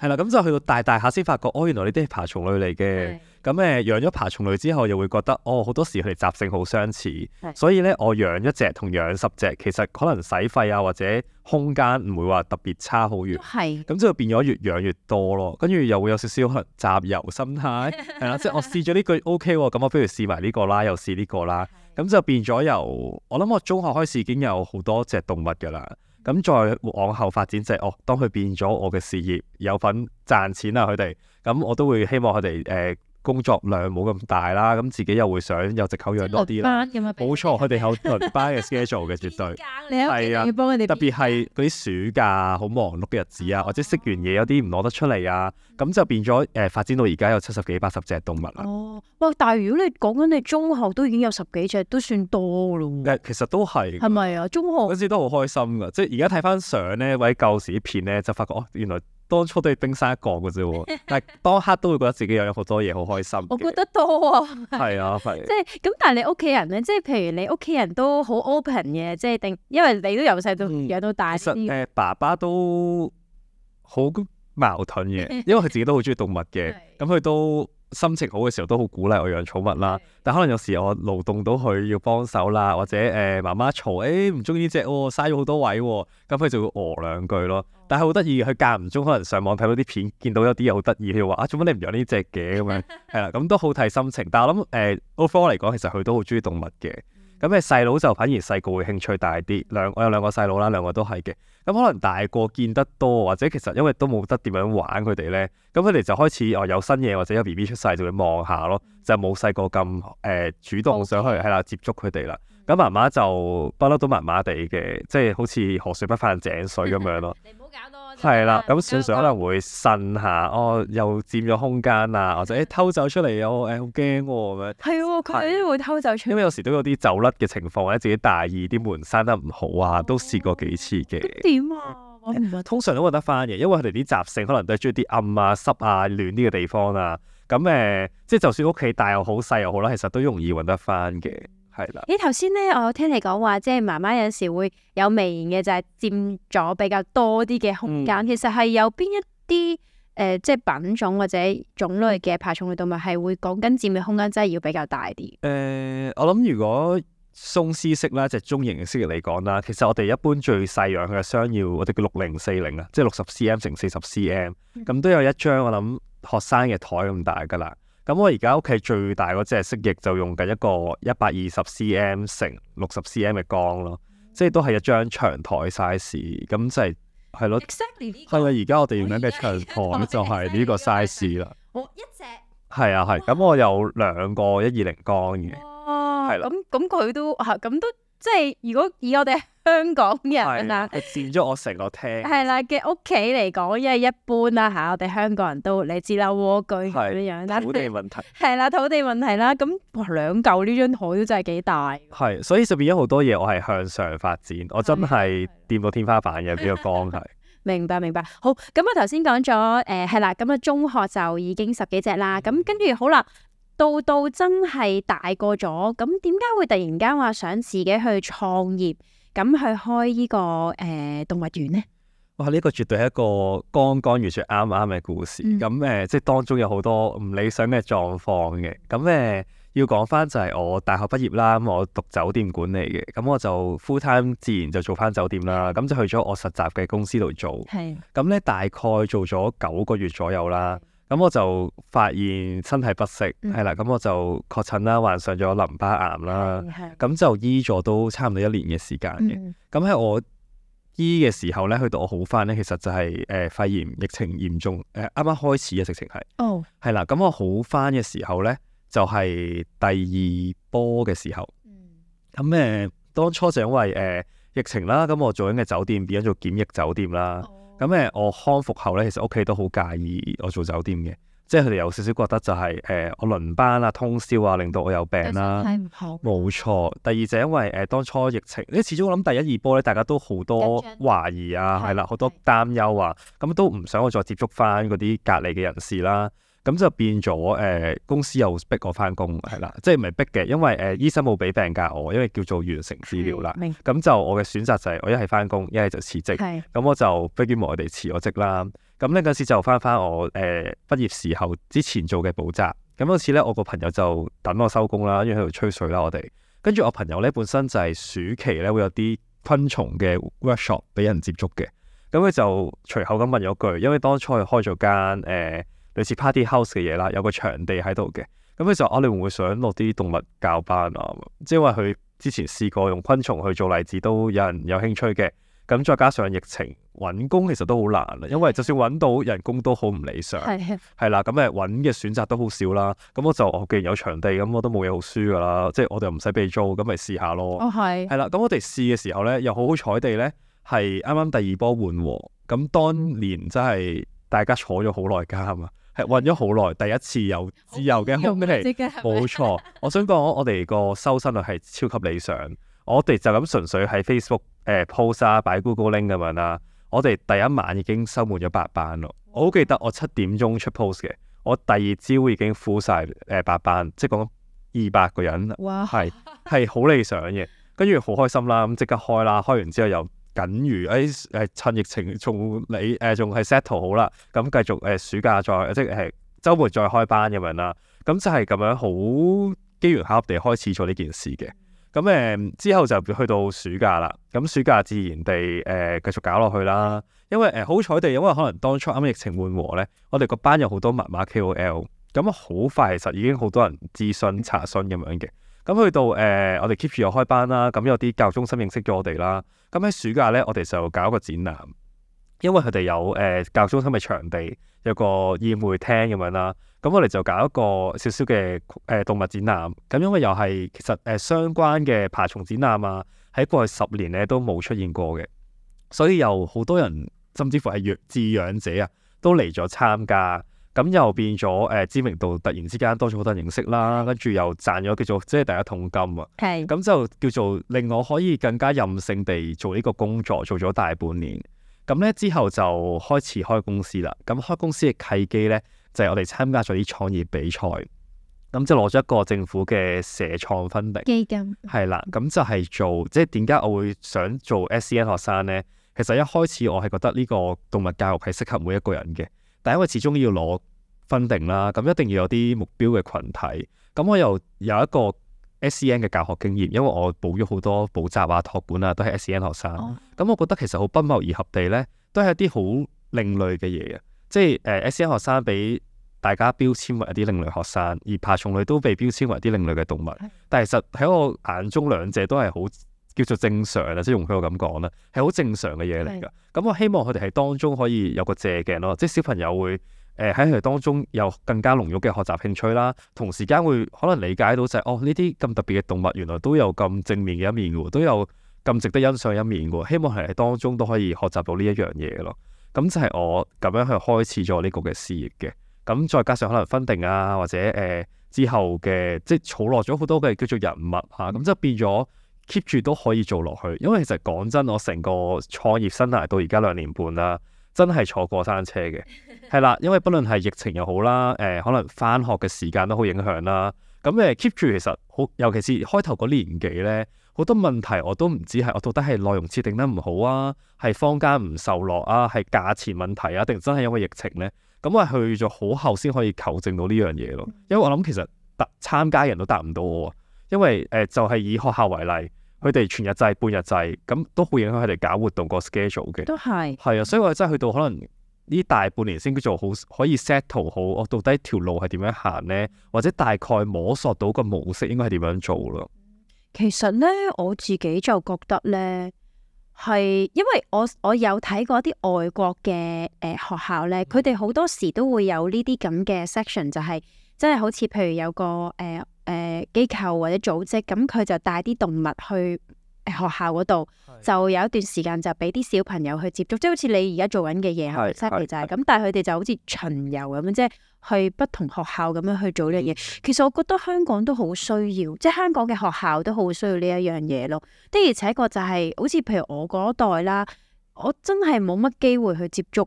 S2: 係 啦，咁就去到大大下先發覺，哦，原來呢啲係爬蟲類嚟嘅。咁誒的，養咗、嗯、爬蟲類之後，又會覺得，哦，好多時佢哋習性好相似。的所以咧，我養一隻同養十隻，其實可能使費啊或者空間唔會話特別差好遠。係的，咁就變咗越養越多咯。跟住又會有少少可能雜遊心態。係啦， 即係我試咗呢句 O K 喎，咁、okay、我不如試埋呢個啦，又試呢個啦。咁就變咗由我諗，我中學開始已經有好多隻動物噶啦。咁再往後發展就係、是、哦，當佢變咗我嘅事業有份賺錢啦，佢哋咁我都會希望佢哋誒，呃工作量冇咁大啦，咁自己又會想有藉口養多啲班啦。冇錯，佢哋有輪班嘅 schedule 嘅，絕對。係 家啊，要幫佢哋特別係嗰啲暑假好忙碌嘅日子啊，哦、或者食完嘢有啲唔攞得出嚟啊，咁、哦、就變咗誒發展到而家有七十幾、八十隻動物啦。
S1: 哦，哇！但係如果你講緊你中學都已經有十幾隻，都算多咯。
S2: 誒，其實都係。係咪啊？中學嗰陣時都好開心㗎，即係而家睇翻相咧，或者舊時啲片咧，就發覺哦，哦，原來。當初都係冰山一角嘅啫喎，但係當刻都會覺得自己有咗好多嘢，好開心。 我覺
S1: 得多、哦、 啊，係啊，
S2: 係，即係
S1: 咁。但係你屋企人咧，即、就、係、是、譬如你屋企人都好 open 嘅，即係定因為你都由細到養到大、嗯。
S2: 其實、呃、爸爸都好矛盾嘅，因為佢自己都好中意動物嘅，咁佢 對都。心情好嘅時候都好鼓勵我養寵物啦，但可能有時我勞動到佢要幫手啦，或者誒、呃、媽媽嘈，誒唔中意呢隻喎，嘥咗好多位喎，哦，咁佢就會餓兩句咯。但係好得意，佢間唔中可能上網睇到啲片，見到有啲嘢好得意，佢話啊，做乜你唔養呢隻嘅咁樣，係啦，咁都好睇心情。但係我諗誒，Overall 嚟講，其實佢都好中意動物嘅。咁誒細佬就反而細個會興趣大啲，兩我有兩個細佬啦，兩個都係嘅。咁可能大個見得多，或者其實因為都冇得點樣玩佢哋咧，咁佢哋就開始哦有新嘢或者有 B B 出世就會望下咯，嗯、就冇細個咁誒主動想去係的啦接觸佢哋啦。咁媽媽就不嬲都麻麻哋嘅，即係好似河水不犯井水咁樣咯。係啦，咁常常可能會呻下，哦又佔咗空間啊，或者、欸、偷走出嚟，欸、啊，誒好驚咁樣。係佢都會偷走出嚟。因為有時都有啲走甩嘅情況，或者自己大意啲門閂得唔好啊，都試過幾次嘅。
S1: 點、
S2: 哦、啊？通常都揾得翻嘅，因為佢哋啲習性可能都係中意啲暗啊、濕啊、暖啲嘅地方啊。咁誒，即、呃、係就算屋企大又好、細又好啦，其實都容易揾得翻嘅。係啦，誒
S1: 頭先咧，我聽你講話，即係媽媽有時會有微言嘅，就係、是、佔咗比較多啲嘅空間。嗯、其實係有邊一啲誒、呃，即係品種或者種類嘅爬蟲類動物係會講緊佔嘅空間真係要比較大啲。誒、嗯
S2: 呃，我諗如果鬆獅蜥啦，即、就、係、是、中型嘅蜥蜴嚟講啦，其實我哋一般最細養嘅箱要我哋叫六零四零啊，即係六十 cm 乘四十 cm，咁都有一張我諗學生嘅台咁大㗎啦。咁我而家屋企最大嗰隻蜥蜴就用緊一個一百二十 cm 乘六十 cm 嘅缸咯，即係都係一張長台 size，咁即係係咯，係咪而家我哋用緊嘅長台就係呢個 size 啦。我
S1: 一
S2: 隻係啊，係、啊，咁我有兩個一二零缸嘅，
S1: 哦、啊，係啦，咁咁佢都吓，咁都。即係如果以我哋香港人啊，
S2: 佔咗我成個廳，係
S1: 啦嘅屋企嚟講，因為一般啦、啊、吓，我哋香港人都你知啦蝸居咁樣，土地問題係啦， 土地問題啦、啊，咁哇兩舊呢張台都真係幾大，
S2: 係，所以上面有好多嘢，我係向上發展，是的是的我真係掂到天花板嘅呢 個光係。
S1: 明白明白，好咁啊，我頭先講咗誒係啦，咁、呃、啊中學就已經十幾隻啦，咁、嗯、跟住好啦。到到真係大個咗，咁點解會突然間話想自己去創業，咁去開呢、這個誒、呃、動物園呢？
S2: 哇！呢、這個絕對係一個剛剛遇着啱啱嘅故事。咁誒、嗯、呃，即係當中有好多唔理想嘅狀況嘅。咁誒、呃，要講翻就係我大學畢業啦，咁我讀酒店管理嘅，咁我就 full time 自然就做翻酒店啦。咁的就去咗我實習嘅公司度做，係咁咧，大概做咗九個月左右啦。咁我就發現身體不適，係、嗯、啦，咁我就確診啦，患上咗淋巴癌啦，咁、嗯嗯、就醫咗都差唔多一年嘅時間嘅。咁喺我醫嘅時候咧，去到我好返咧，其實就係、是、誒、呃、肺炎疫情嚴重，誒啱啱開始嘅直情係。哦，係啦，咁我好返嘅時候咧，就係、是、第二波嘅時候。咁誒、呃，當初就因為誒、呃、疫情啦，咁我做緊嘅酒店變咗做檢疫酒店啦。哦咁誒、嗯，我康復後咧，其實屋企都好介意我做酒店嘅，即係佢哋有少少覺得就係、是、誒、呃，我輪班啊、通宵啊，令到我有病啦、啊。冇錯，第二就因為誒、呃、當初疫情，因始終我諗第一二波咧，大家都好多懷疑啊，係緊張啦，好多擔憂啊，咁、嗯、都唔想我再接觸翻嗰啲隔離嘅人士啦。咁就變咗誒、呃、公司又逼我翻工，係啦，即係唔係逼嘅，因為誒、呃、醫生冇俾病假我，因為叫做完成治療啦。咁就我嘅選擇就係我一係翻工，一係就辭職。咁的我就逼於無奈辭咗職啦。咁呢嗰時就翻翻我誒、呃、畢業時候之前做嘅補習。咁嗰次呢，我個朋友就等我收工啦，因為喺度吹水啦我哋。跟住我朋友呢，本身就係暑期呢，會有啲昆蟲嘅 workshop 俾人接觸嘅。咁佢就隨口咁問咗句，因為當初佢開咗間誒、呃呃類似 party house 嘅嘢啦，有個場地喺度嘅，咁佢就話、啊、你哋會唔會想落啲動物教班啊？即係因為佢之前試過用昆蟲去做例子都有人有興趣嘅，咁再加上疫情揾工其實都好難啊，因為就算揾到人工都好唔理想，係啊是，係啦，咁誒揾嘅選擇都好少啦，咁、嗯、我就既然有場地，咁、嗯、我都冇嘢好輸㗎啦，即係我哋唔使俾租，咁、嗯、咪試下咯。哦，係，係啦，咁、嗯、我哋試嘅時候咧，又好好彩地咧，係啱啱第二波緩和，咁、嗯、當年真係大家坐咗好耐監啊。係混咗好耐。第一次有自由嘅空俾你，冇 錯。 我想講我哋個收生率係超級理想，我哋就咁純粹喺 Facebook 誒 post 啊，擺 Google Link 咁樣啦。我哋第一晚已經收滿咗八班咯，哇我好記得我七點鐘出 post 嘅，我第二朝已經 full 曬誒八班，即係講二百個人，係，係好理想嘅，跟住好開心啦，咁即刻開啦，開完之後又。僅如誒誒、欸、趁疫情仲你誒仲係 settle 好啦，咁繼續誒、呃、暑假再即係週末再開班咁樣啦，咁就係咁樣好機緣巧合地開始做呢件事嘅。咁誒、呃、之後就去到暑假啦，咁暑假自然地誒、呃、繼續搞落去啦。因為誒好彩地，因為可能當初啱疫情緩和咧，我哋個班有好多密碼 KOL，咁好快其實已經好多人諮詢查詢咁樣嘅。咁去到誒、呃，我哋 keep 住又開班啦。咁、嗯、有啲教育中心認識咗我哋啦。咁、嗯、喺暑假咧，我哋就搞一個展覽，因為佢哋有誒、呃、教育中心嘅場地，有個宴會廳咁樣啦。咁、嗯、我哋就搞一個少少嘅誒動物展覽。咁、嗯、因為又係其實誒、呃、相關嘅爬蟲展覽啊，喺過去十年咧都冇出現過嘅，所以又好多人，甚至乎係養飼養者啊，都嚟咗參加。咁又變咗誒知名度，突然之間多咗好多認識啦，跟住又賺咗叫做即係第一桶金啊！咁是就叫做令我可以更加任性地做呢個工作，做咗大半年。咁咧之後就開始開公司啦。咁開公司嘅契機咧，就係、是、我哋參加咗啲創業比賽，咁就攞咗一個政府嘅社創分紅基金。係啦，咁就係做即係點解我會想做 SEN 學生咧？其實一開始我係覺得呢個動物教育係適合每一個人嘅。但因為始終要攞分定啦，咁一定要有啲目標嘅群體。咁我又有一個 SEN 嘅教學經驗，因為我補咗好多補習啊、託管啊，都係 SEN 學生。咁、哦嗯、我覺得其實好不謀而合地呢，都係一啲好另類嘅嘢嘅。即、就、係、是呃、SEN 學生俾大家標籤為一啲另類學生，而爬蟲類都被標籤為一啲另類嘅動物。哦、但係其實喺我眼中，兩者都係好。叫做正常啊，即係用佢個咁講啦，係好正常嘅嘢嚟噶。咁是、嗯、我希望佢哋喺當中可以有個借鏡咯，即係小朋友會誒喺佢哋當中有更加濃郁嘅學習興趣啦，同時間會可能理解到就係、是、哦呢啲咁特別嘅動物，原來都有咁正面嘅一面噶，都有咁值得欣賞嘅一面噶。希望喺佢當中都可以學習到呢一樣嘢咯。咁、嗯嗯、就係我咁樣去開始咗呢個嘅事業嘅。咁、嗯、再加上可能分定啊，或者誒、呃、之後嘅即係儲落咗好多嘅叫做人物啊，咁即係變咗。keep 住都可以做落去，因為其實講真，我成個創業生涯到而家兩年半啦，真係坐過山車嘅，係啦， 因為不論係疫情又好啦，誒、呃、可能翻學嘅時間都好影響啦，咁、嗯、誒 keep 住其實好，尤其是開頭嗰年紀咧，好多問題我都唔知係我到底係內容設定得唔好啊，係坊間唔受落啊，係價錢問題啊，定真係因為疫情咧，咁、嗯嗯、我去咗好後先可以求證到呢樣嘢咯，因為我諗其實答參加人都答唔到我，啊，因為誒、呃、就係、是、以學校為例。佢哋全日制、半日制，咁都會影響佢哋搞活動個 schedule 嘅是。都係。係啊，所以我真係去到可能呢大半年先做好，可以 settle 好，我到底條路係點樣行呢？嗯、或者大概摸索到個模式應該係點樣做咯。
S1: 其實呢，我自己就覺得呢係因為我我有睇過啲外國嘅誒、呃、學校呢，佢哋好多時都會有呢啲咁嘅 section，就係、是、真係好似譬如有個誒、呃誒、呃、機構或者組織，咁佢就帶啲動物去學校嗰度，是就有一段時間就俾啲小朋友去接觸，即係好似你而家做緊嘅嘢係就係咁，但係佢哋就好似巡遊咁樣，即係去不同學校咁樣去做呢樣嘢。嗯、其實我覺得香港都好需要，即係香港嘅學校都好需要呢一樣嘢咯。的而且確就係好似譬如我嗰代啦，我真係冇乜機會去接觸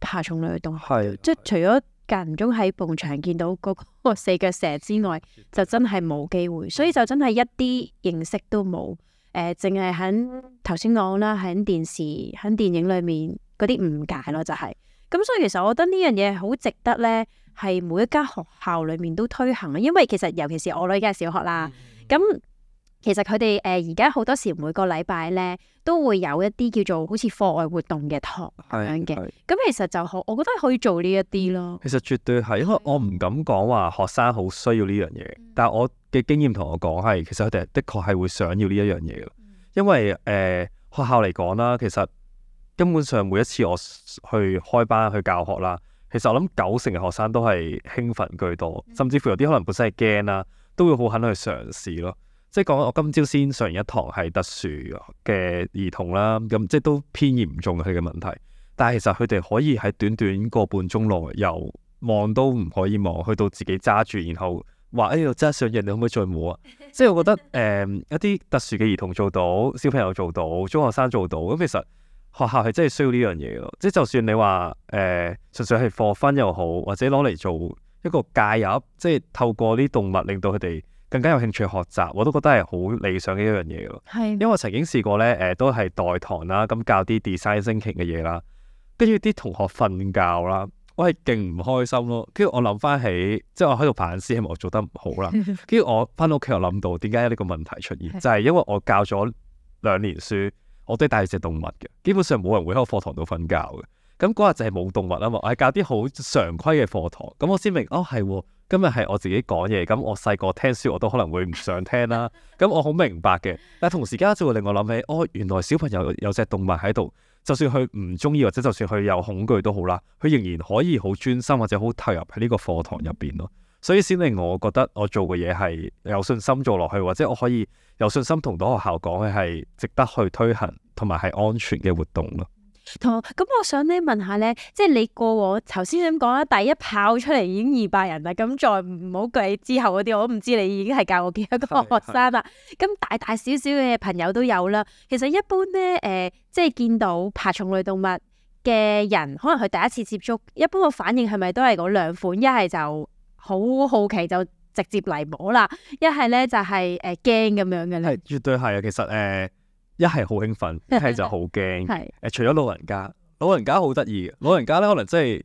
S1: 爬蟲類嘅動物，是即係除咗。是是間唔中喺埲牆見到嗰個四腳蛇之外，就真係冇機會，所以就真係一啲認識都冇。誒、呃，淨係喺頭先講啦，喺電視、喺電影裏面嗰啲誤解咯，就係、是。咁所以其實我覺得呢樣嘢好值得咧，係每一間學校裏面都推行啊。因為其實尤其是我女嘅小學啦，咁。其實佢哋誒而家好多時每個禮拜咧都會有一啲叫做好似課外活動嘅堂咁
S2: 樣嘅，咁是是
S1: 其實就好，我覺得可以做呢一啲咯、嗯。
S2: 其實絕對係，因為我唔敢講話，學生好需要呢樣嘢，但係我嘅經驗同我講係，其實佢哋的確係會想要呢一樣嘢。因為誒、呃、學校嚟講啦，其實根本上每一次我去開班去教學啦，其實我諗九成嘅學生都係興奮居多，甚至乎有啲可能本身係驚啦，都會好肯去嘗試咯。即係講我今朝先上一堂係特殊嘅兒童啦，咁即係都偏嚴重佢嘅問題。但係其實佢哋可以喺短短個半鐘內，由望都唔可以望，去到自己揸住，然後話誒我揸上嘢，你、哎、可唔可以再摸啊？ 即係我覺得誒、呃、一啲特殊嘅兒童做到，小朋友做到，中學生做到，咁其實學校係真係需要呢樣嘢咯。即係就算你話誒純粹係課分又好，或者攞嚟做一個介入，即係透過啲動物令到佢哋。更加有興趣學習，我都覺得係好理想嘅一樣嘢咯。的因為我曾經試過咧，誒、呃，都係代堂啦，咁教啲 design thinking 嘅嘢啦，跟住啲同學瞓覺，啦，我係勁唔開心咯。跟住我諗翻起，即係我喺度反思，係咪我做得唔好啦？跟住 我翻屋企又諗到，點解有呢個問題出現？的就係因為我教咗兩年書，我都帶住隻動物嘅，基本上冇人會喺我課堂度瞓覺嘅。咁嗰日就係冇動物啊嘛，我係教啲好常規嘅課堂，咁我先明哦係，今日係我自己講嘢，咁我細個聽書我都可能會唔想聽啦、啊，咁我好明白嘅，但同時而家就會令我諗起，哦原來小朋友有隻動物喺度，就算佢唔中意或者就算佢有恐懼都好啦，佢仍然可以好專心或者好投入喺呢個課堂入邊咯，所以先令我覺得我做嘅嘢係有信心做落去，或者我可以有信心同到學校講嘅係值得去推行同埋係安全嘅活動咯。
S1: 同我咁，嗯嗯嗯嗯嗯、我想咧問，問下咧，即係你過往頭先點講啦，第一炮出嚟已經二百人啦，咁再唔好計之後嗰啲，我都唔知你已經係教過幾多個學生啦。咁、 嗯、大大小小嘅朋友都有啦。其實一般咧，誒、呃，即係見到爬蟲類動物嘅人，可能佢第一次接觸，一般嘅反應係咪都係嗰兩款？一係就好好奇就直接嚟摸啦，一係咧就係誒驚
S2: 咁樣嘅咧。係，絕對係啊。其實誒。呃一係好興奮，一係就好驚。係誒 是，除咗老人家，老人家好得意嘅。老人家咧，可能真係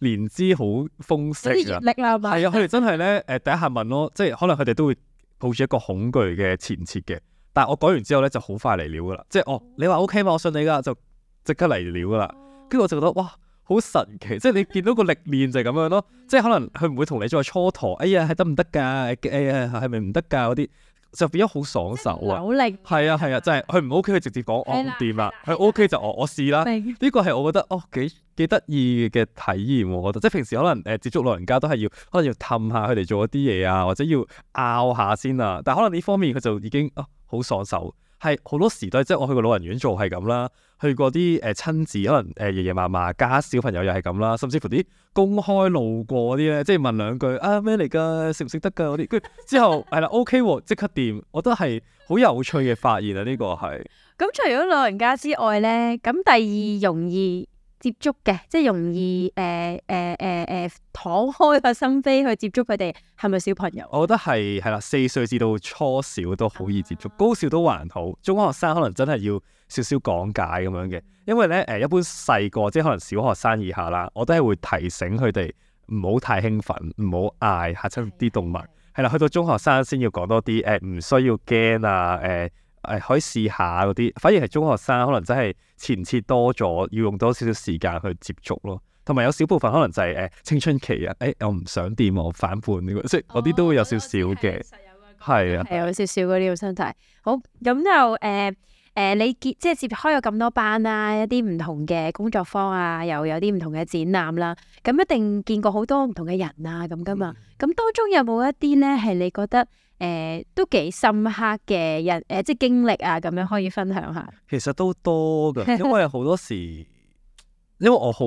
S2: 年資好豐盛啦，係啊。佢哋真係咧，誒、呃，第一下問咯，即係可能佢哋都會抱住一個恐懼嘅前設嘅。但係我講完之後咧，就好快嚟料噶啦。即係哦，你話 O K 嘛？我信你噶，就即刻嚟料噶啦。跟住我就覺得哇，好神奇。即係你見到個歷練就係咁樣咯。即係可能佢唔會同你再蹉跎。哎呀，係得唔得噶？哎呀，係咪唔得噶嗰啲？哎就變咗好爽手啊！係啊係啊,啊，就係佢唔 OK，佢直接講哦唔掂啦。佢 OK 就我我試啦。呢個係我覺得哦幾幾得意嘅體驗，我覺得即係平時可能誒、呃、接觸老人家都係要可能要氹下佢哋做一啲嘢啊，或者要拗下先啊。但係可能呢方面佢就已經好、哦、爽手，係好多時都係即係我去個老人院做係咁啦。去過啲誒、呃、親子，可能誒、呃、爺爺嫲嫲加小朋友又係咁啦，甚至乎啲公開路過嗰啲咧，即係問兩句啊咩嚟㗎，識唔識得㗎嗰啲，跟 之後係啦，OK，即刻掂，我都係好有趣嘅發現啊，呢、呢個係。
S1: 咁 除咗老人家之外咧，咁第二容易。接觸嘅，即係容易誒誒誒誒敞開個心扉去接觸佢哋，係咪小朋友？
S2: 我覺得係係啦，四歲至到初小都好易接觸，啊、高小都還好。中學生可能真係要少少講解咁樣嘅，因為咧誒一般細個即係可能小學生以下啦，我都係會提醒佢哋唔好太興奮，唔好嗌嚇親啲動物。係啦，去到中學生先要講多啲誒，呃、唔需要驚啊誒。呃誒、哎，可以試下嗰啲，反而係中學生可能真係前設多咗，要用多少少時間去接觸咯。同埋有少部分可能就係、是、誒、欸、青春期啊，誒、欸、我唔想掂我反叛呢個，即係嗰啲都會有少少嘅。係啊、哦，係是有、那
S1: 個、有少少嗰啲嘅身體。好，咁又誒誒，你即係接開咗咁多班啦、啊，一啲唔同嘅工作坊啊，又有啲唔同嘅展覽啦、啊，咁、嗯嗯、一定見過好多唔同嘅人啊，咁㗎嘛。咁當中有冇一啲咧係你覺得？誒，都幾深刻嘅人誒、呃，即係經歷啊，咁樣可以分享下。
S2: 其實都多噶，因為好多時， 因為我好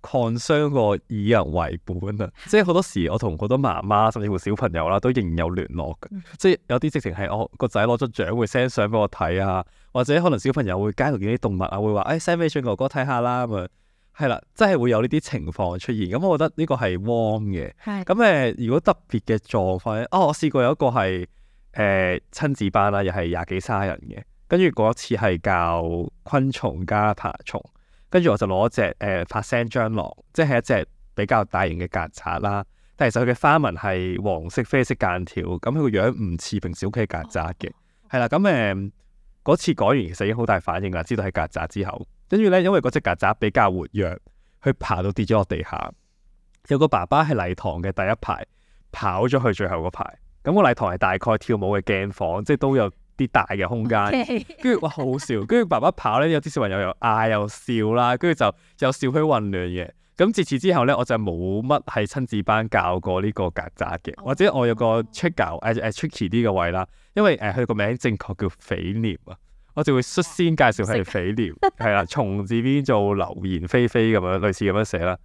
S2: 抗商個以人為本啊，即係好多時我同好多媽媽甚至乎小朋友啦，都仍然有聯絡嘅。即係有啲直情係我個仔攞咗獎會 send 相俾我睇啊，或者可能小朋友會街度見啲動物啊，會話誒 send 俾俊哥哥睇下啦咁啊。係啦，真係會有呢啲情況出現。咁我覺得呢個係 warm 嘅。咁誒的，如果特別嘅狀況咧，啊，我試過有一個係誒、呃、親子班啦，又係廿幾卅人嘅。跟住嗰次係教昆蟲加爬蟲，跟住我就攞隻誒發聲蟑螂，即係一隻比較大型嘅曱甴啦。但其實佢嘅花紋係黃色啡色間條，咁佢個樣唔似平時屋企曱甴嘅。係啦、哦，咁誒嗰次講完，其實已經好大反應啦，知道係曱甴之後。跟住呢，因為嗰隻曱甴比較活躍，佢爬到跌咗落地下。有個爸爸喺禮堂嘅第一排，跑咗去最後嗰排。咁個禮堂係大概跳舞嘅鏡房，即係都有啲大嘅空間。跟住 Okay. 哇，好笑！跟住爸爸跑呢，有啲小朋友又嗌又笑啦。跟住就又笑佢混亂嘅。咁自此之後呢，我就冇乜係親子班教過呢個曱甴嘅，或者我有個出誒誒出奇啲嘅位啦。因為誒佢個名正確叫蜚蠊啊。我就會率先介紹佢係蜚蠊，係啦，啊，從字邊做流言蜚蜚咁樣，類似咁樣寫啦，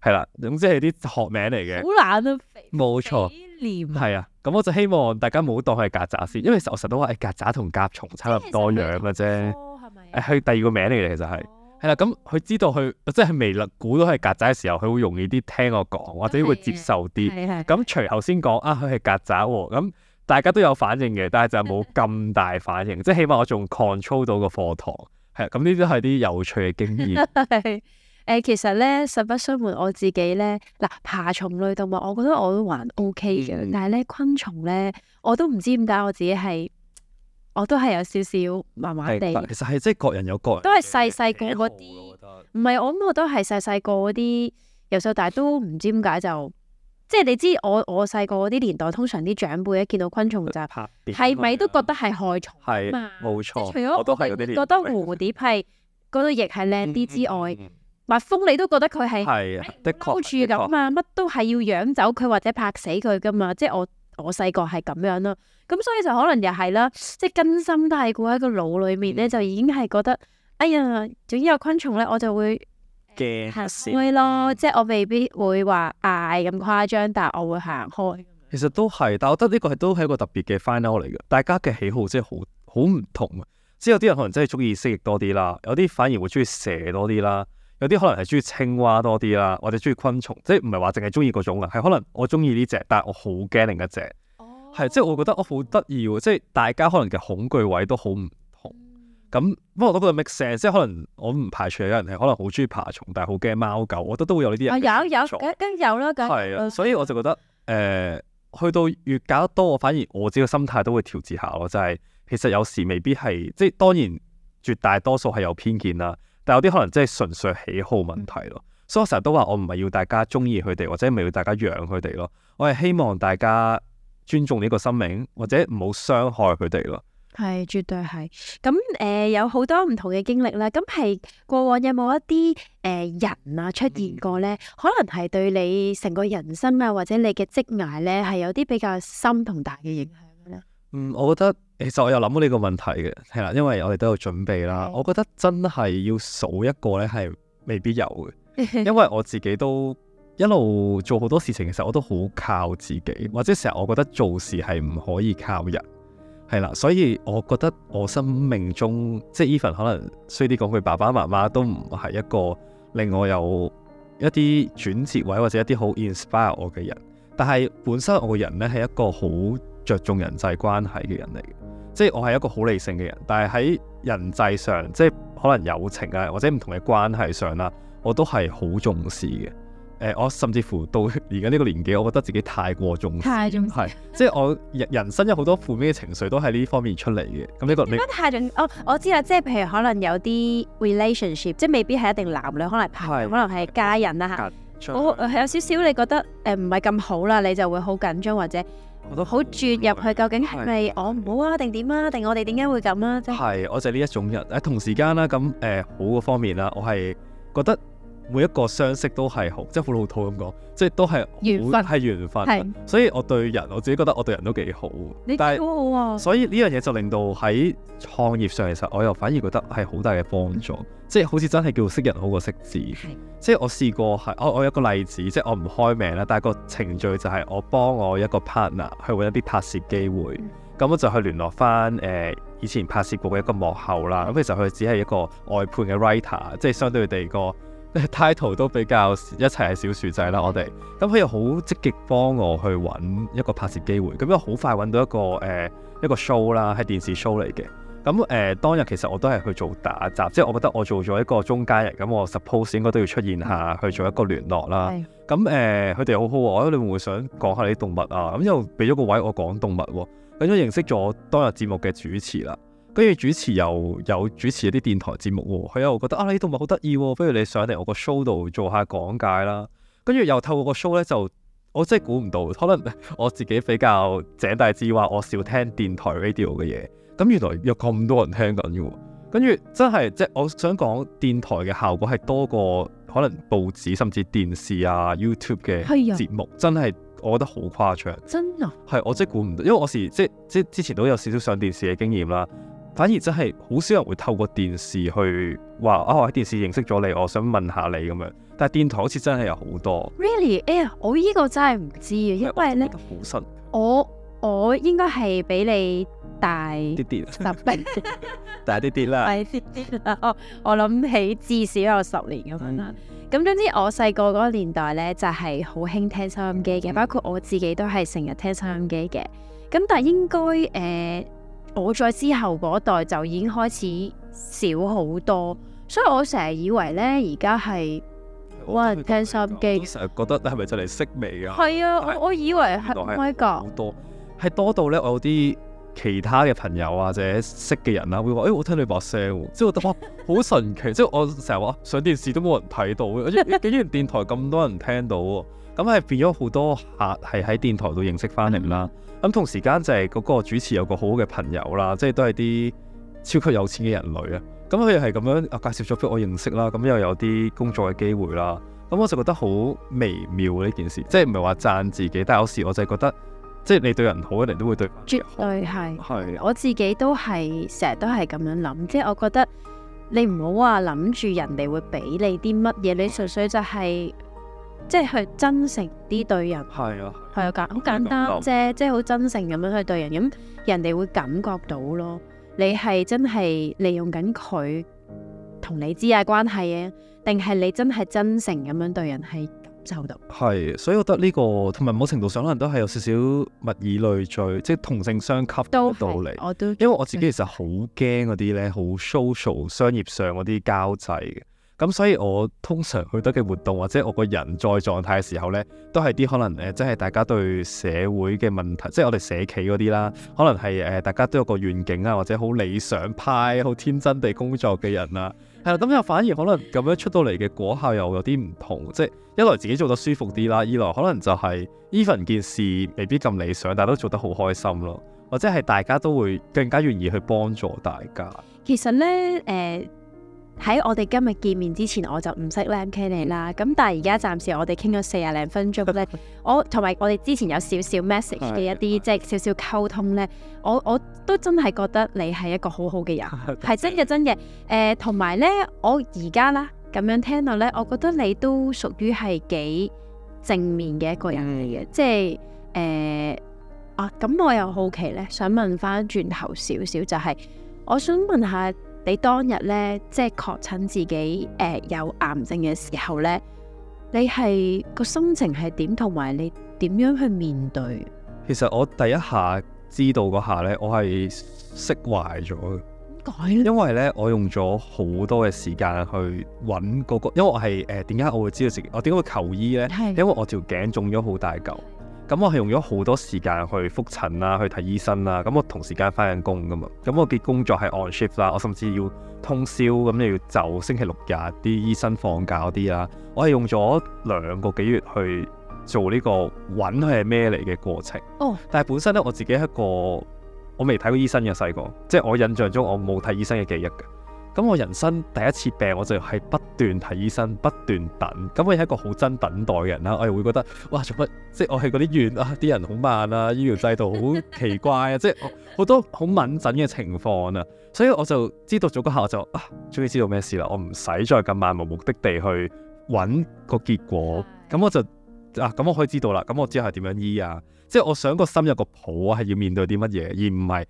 S2: 係、嗯、啦，總之係啲學名嚟嘅。好懶都蜚冇錯，蜚蠊係啊。咁我就希望大家冇當佢係曱甴先，因為實實都話曱甴同甲蟲差唔多樣嘅啫。係咪？佢第二個名嚟嘅，其實係係啦。咁佢的、哦、知道佢即係未估到係曱甴嘅時候，佢會容易啲聽我講，或者會接受啲。咁除頭先講啊，佢係曱甴喎咁。大家都有反應嘅，但係就冇咁大反應， 即係起碼我仲 control 到個課堂，係咁呢啲係啲有趣嘅經驗。
S1: 係， 其實咧，實不相瞞，我自己咧，嗱，爬蟲類動物，我覺得我都還 OK 嘅，嗯、但係咧，昆蟲咧，我都唔知點解我自己係，我都係有少少麻麻地。其
S2: 實係即係各人有各人，都
S1: 係細細個嗰啲，唔係我諗，我，我，我都係細細個嗰啲，由細大都唔知點解就。即係你知我，我我細個嗰啲年代，通常啲長輩一見到昆蟲就拍，係咪都覺得係害蟲
S2: 啊？ 冇錯。除咗我哋覺得
S1: 蝴蝶係嗰對翼係靚啲之外，蜜蜂你都覺得佢係
S2: 的確高處咁啊，
S1: 乜、哎、確都係要養走佢或者拍死佢噶嘛。即係我我細個係咁樣咯，咁所以就可能又係啦，即係根深蒂固喺個腦裏面咧，就已經係覺得，哎呀，總之有昆蟲咧，我就會。吓！唔會咯，即係我未必會話嗌咁誇張，但係我會行開。
S2: 其實都係，但我覺得呢個係都係一個特別嘅 final 嚟嘅。大家嘅喜好即係好好唔同啊！即係有啲人可能真係中意蜥蜴多啲啦，有啲反而會中意蛇多啲啦，有啲可能係中意青蛙多啲啦，或者中意昆蟲，即係唔係話淨係中意嗰種啊，係可能我中意呢隻，但係我好驚另一隻。哦，係，即係我覺得我好得意，即係大家可能嘅恐懼位都好唔。咁不過我都覺得 make sense 即係可能我唔排除有人係可能好中意爬蟲，但係好驚貓狗，我覺得都會有呢啲人、啊。有有
S1: 梗咁有啦，梗係啊，
S2: 所以我就覺得誒、呃，去到越搞得多，我反而我自己嘅心態都會調節下咯，就係、是、其實有時未必係即係當然絕大多數係有偏見啦，但係有啲可能真係純粹喜好問題咯。嗯、所以我成日都話我唔係要大家中意佢哋，或者唔係要大家養佢哋咯，我係希望大家尊重呢個生命，或者唔好傷害佢哋咯。
S1: 係，絕對係。咁誒、呃，有好多唔同嘅經歷啦。咁係過往有冇一啲誒、呃、人啊出現過呢？嗯、可能係對你成個人生啊，或者你嘅職涯呢，係有啲比較深同大嘅影響咧、嗯。
S2: 我覺得其實我有諗過呢個問題嘅，係啦，因為我哋都有準備啦。的我覺得真係要數一個呢，係未必有嘅， 因為我自己都一路做好多事情，其實我都好靠自己，或者成日我覺得做事係唔可以靠人。係啦，所以我覺得我生命中即係 even 可能衰啲講句，爸爸媽媽都唔係一個令我有一啲轉折位或者一啲好 inspire 我嘅人。但係本身我個人呢，係一個好着重人際關係嘅人嚟嘅，即係我係一個好理性嘅人，但係喺人際上，即係可能友情啊或者唔同嘅關係上啦、啊，我都係好重視嘅。誒，我甚至乎到而家呢個年紀，我覺得自己太過重視，係即係我人人生有好多負面嘅情緒都喺呢方面出嚟嘅。咁呢個你覺
S1: 得太重哦，我知啦，即係譬如可能有啲 relationship，即係未必係一定男女，可能朋友，可能係家人啦嚇。我有少少，你覺得誒唔係咁好啦，你就會好緊張或者好鑽入去，究竟係咪我唔好啊，定點啊，定我哋點解會咁啊？即係
S2: 我就係呢一種人。同時間啦，咁誒好個方面啦，我係覺得。每一個相識都係好，即係好老土咁講，即係都係緣分，係緣分。是所以，我對人，我自己覺得我對人都幾好。你超好啊！所以呢樣嘢就令到喺創業上，其實我又反而覺得係好大嘅幫助。嗯、即係好似真係叫識人好過識字。嗯、即係我試過係，我我有一個例子，即係我唔開名啦，但係個程序就係我幫我一個 partner 去搵一啲拍攝機會，咁、嗯、我就去聯絡翻誒、呃、以前拍攝過嘅一個幕後啦。咁其實佢只係一個外判嘅 writer，即係相對佢哋個。title 都比較一齊係小薯仔啦，我哋，咁佢又好積極幫我去揾一個拍攝機會，咁又好快揾到一個誒、呃、一個 show 啦，係電視 show 嚟嘅。咁、嗯、誒、呃、當日其實我都係去做打雜，即係我覺得我做咗一個中間人，咁、嗯、我 suppose 應該都要出現下去做一個聯絡啦。咁誒佢哋好好喎，我覺得你會唔會想講下啲動物啊？咁、嗯、又俾咗個位我講動物喎、啊，咁都認識咗當日節目嘅主持啦。跟住主持又有主持一啲電台節目喎、哦，係啊，我覺得啊呢套咪好得意喎，不如你上嚟我 show 個 show 度做下講解啦。跟住又透過個 show 咧，就我真係估唔到，可能我自己比較井底之蛙，我少聽電台 radio 嘅嘢，咁原來有咁多人聽緊嘅喎。跟住真係即係我想講電台嘅效果係多過可能報紙甚至電視啊 YouTube 嘅節目，啊、真係我覺得好誇張。真㗎的？係我真係估唔到，因為我時即即，即之前都有少少上電視嘅經驗啦。反而真係好少人會透過電視去話啊！喺、哦、電視認識咗你，我想問，問下你咁樣。但係電台好似真係有好多。
S1: Really？誒、欸，我依個真係唔知啊，因為咧，我我應該係比你大啲啲，特別
S2: 大啲啲啦，大
S1: 啲啲啦。我諗起至少有十年咁樣啦。咁、嗯、總之我細個嗰個年代咧就係好興聽收音機嘅，嗯、包括我自己都係成日聽收音機嘅。咁、嗯、但係應該誒？呃我再之後嗰代就已經開始少好多，所以我成日以為咧，而家係冇人，聽收音機
S2: 成日覺得係咪就嚟息微噶、啊？係啊我，
S1: 我以為係咪㗎？好
S2: 多係 God 多到咧，我有啲其他嘅朋友或者識嘅人啦、啊，會話誒、哎，我聽你把聲、啊，即係我覺得哇，好神奇！ 即係我成日話上電視都冇人睇到，而且竟然電台咁多人聽到，咁係變咗好多客係喺電台度認識翻嚟啦。 咁、嗯、同時間就係嗰個主持有個好好嘅朋友啦，即係都係啲超級有錢嘅人類、嗯、啊！咁佢又係咁樣啊介紹咗俾我認識啦，咁、嗯、又有啲工作嘅機會啦。咁、嗯、我就覺得好微妙呢、啊、件事，即係唔係話讚自己，但係有時我就係覺得，即係你對人好，一定都會對
S1: 絕對係係。是我自己都係成日都係咁樣諗，即係我覺得你唔好話諗住人哋會俾你啲乜嘢，你純粹就係、是。即係去真誠啲對人，係啊，係啊、嗯，簡好簡單啫，嗯、即係好真誠咁樣去對人，咁人哋會感覺到咯。你係真係利用緊佢同你之間關係嘅，定係你真係真誠咁樣對人係感受到？
S2: 係，所以我覺得呢、這個同埋某程度上可能都係有少少物以類聚，即係同性相吸嘅道理。我都因為我自己其實好驚嗰啲咧，好、嗯、social 商業上嗰啲交際嘅。咁、嗯、所以，我通常去得嘅活動或者我個人在狀態嘅時候呢，都係啲可能誒、呃，即係大家對社會嘅問題，即係我哋社企嗰啲啦，可能係誒、呃、大家都有個願景啊，或者好理想派、好天真地工作嘅人啊，係啦，咁又反而可能咁樣出到嚟嘅果效又有啲唔同，即係一來自己做得舒服啲啦，二來可能就係、是、even 件事未必咁理想，但都做得好開心咯，或者係大家都會更加願意去幫助大家。
S1: 其實呢。誒、呃。喺我哋今日見面之前，我就唔識咧 LamK 你啦。咁但係而家暫時我哋傾咗四廿零分鐘咧， 我同埋我哋之前有少 少 message 嘅一啲即係少少溝通咧，我我都真係覺得你係一個好好嘅人，係 真嘅真嘅。誒同埋咧，我而家啦咁樣聽到咧，我覺得你都屬於係幾正面嘅一個人嚟嘅，即係誒啊！咁我又好奇咧，想問翻轉頭少少、就係，就係我想問下。你當日咧，即係確診自己誒、呃、有癌症嘅時候咧，你係、個心情係點，同埋你點樣去面對？
S2: 其實我第一下知道嗰下咧，我係釋懷咗嘅。點解咧？因為咧，我用咗好多嘅時間去搵嗰、個，因為我係誒，點、呃、解我會知道自己，我點解會求醫咧？係是因為我條頸腫咗好大嚿。咁、嗯、我係用咗好多時間去復診啦，去睇醫生啦。咁、嗯、我同時間翻緊工噶嘛。咁、嗯、我嘅工作係 on shift 啦，我甚至要通宵。咁、嗯、你要就星期六日啲醫生放假啲啊。我係用咗兩個幾月去做呢個揾佢係咩嚟嘅過程。哦。Oh, 但係本身咧，我自己係一個我未睇過醫生嘅細個，即係我印象中我冇睇醫生嘅記憶嘅。咁、嗯、我人生第一次病，我就係不斷睇醫生，不斷等。咁、嗯、我係一個好憎等待嘅人啦，我又會覺得，哇，做乜？即係我係嗰啲怨啊，啲人好慢啊，醫療制度好奇怪啊！即係好多好敏感嘅情況啊，所以我就知道咗嗰下，我就啊終於知道咩事啦，我唔使再咁漫無目的地去揾個結果。咁、嗯、我就啊，咁、嗯、我可以知道啦。咁、嗯、我之後係點樣醫啊？即係我想個心有個譜啊，係要面對啲乜嘢，而唔係。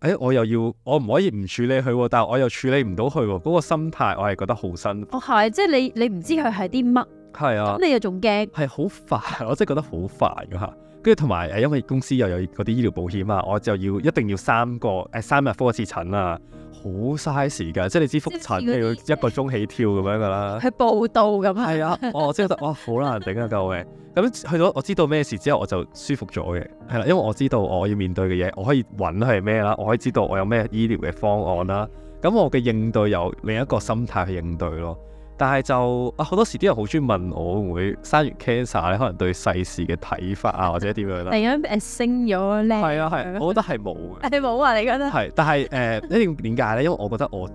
S2: 誒、哎，我又要，我唔可以唔處理佢，但係我又處理唔到佢，嗰、那個心態我係覺得好新。哦，係，
S1: 即係你你唔知佢係啲乜，係啊，咁你又仲驚？
S2: 係好煩，我真係覺得好煩噶吓，跟住同埋誒，因為公司又有嗰啲醫療保險啊，我就要一定要三個誒，三日覆一次診啊。好嘥時間，即係你知覆診你要一個鐘起跳咁樣㗎啦，係
S1: 報到咁啊，係啊，
S2: 哦，即係覺得哇，好難頂啊，救命！咁去到我知道咩事之後，我就舒服咗嘅，係啦，因為我知道我要面對嘅嘢，我可以揾係咩啦，我可以知道我有咩醫療嘅方案啦，咁我嘅應對有另一個心態去應對咯。但係就啊，好多時啲人好中意問我會唔會生完 cancer 咧，可能對世事嘅睇法啊，或者點樣咧、啊？突然
S1: 間升咗咧，係
S2: 啊係，我覺得係冇
S1: 嘅。誒冇啊，你覺得？係，
S2: 但係誒，你點點解咧？因為我覺得我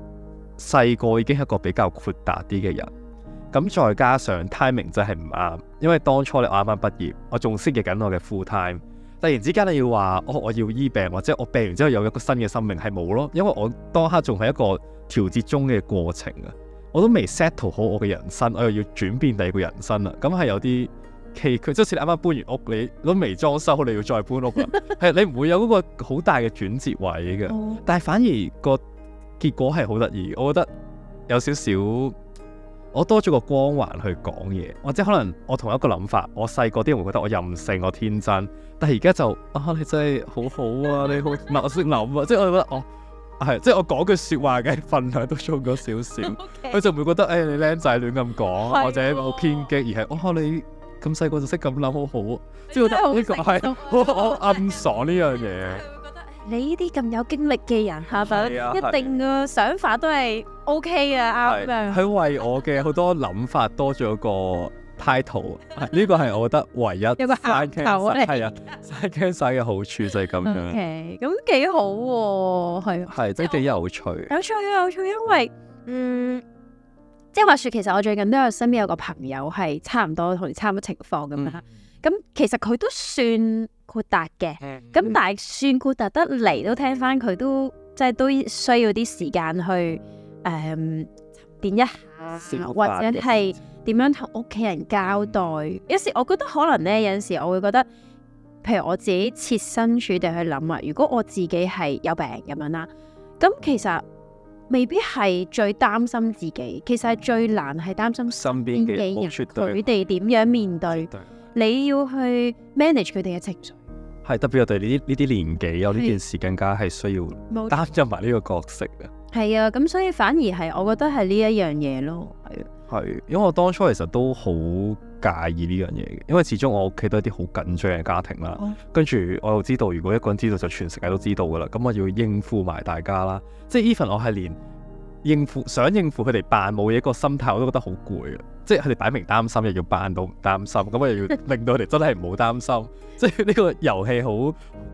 S2: 細個已經係一個比較闊達啲嘅人，咁再加上 timing 真係唔啱，因為當初你我啱啱畢業，我仲適應緊我嘅 full time，突然之間你要話哦，我要醫病或者我病完之後有一個新嘅生命，係冇咯，因為我當刻仲係一個調節中嘅過程啊。我都未 settle 好我嘅人生，我又要轉變第二個人生啦。咁係有啲崎嶇，即係似你啱啱搬完屋，你都未裝修好，你要再搬屋啦。係 你唔會有嗰個好大嘅轉折位嘅， 但係反而個結果係好得意。我覺得有少少，我多咗個光環去講嘢。或者可能我同一個諗法，我細個啲人會覺得我任性，我天真，但係而家就啊，你真係好好啊！你好識諗 啊。即係我覺得。哦係，即係我講句說話嘅份量都重咗少少，佢 Okay 就唔會覺得誒、欸、你僆仔亂咁講，或者好偏激，而係哇、哦、你咁細個就識咁諗，好好啊！即係覺得呢個係好暗爽呢樣嘢。佢會覺得
S1: 你呢啲咁有經歷嘅人吓， 啊、一定嘅想法都係 OK 嘅，啱嘅、 啊。佢
S2: 為我嘅好多諗法多咗個。 太呢個係我覺得唯一有個下頭 okay，啊，嘥嘅好處就係咁
S1: 樣。咁幾好喎，係啊、嗯，係
S2: 真係幾有趣，有
S1: 趣啊有趣，因為嗯，即係話説，其實我最近都有身邊有個朋友係差唔多同你差唔多情況咁樣，咁、嗯、其實佢都算豁達嘅，咁、嗯、但係算豁達得嚟都聽翻佢都，即係都需要啲時間去誒沉澱一下，嗯啊、發或者係。點樣同屋企人交代？有時我覺得可能咧，有陣時我會覺得，譬如我自己切身處地去諗啊，如果我自己係有病咁樣啦，咁其實未必係最擔心自己，其實係最難係擔心
S2: 身邊嘅人佢哋
S1: 點樣面對，你要去 manage 佢哋嘅情緒，
S2: 係特別我哋呢啲呢啲年紀有呢件事更加係需要擔任埋呢個角色嘅。
S1: 係啊，咁所以反而係，我覺得係呢一樣嘢咯，係啊。
S2: 係，因為我當初其實都好介意呢樣嘢嘅，因為始終我屋企都係啲好緊張嘅家庭啦，oh. 跟住我又知道，如果一個人知道，就全世界都知道噶啦，咁我要應付埋大家啦，即係 even 我係連。應付想應付佢哋扮冇嘢個心態，我都覺得好攰啊！即係佢哋擺明擔心，又要扮到唔擔心，咁啊又要令到佢哋真係唔好擔心， 即係呢個遊戲好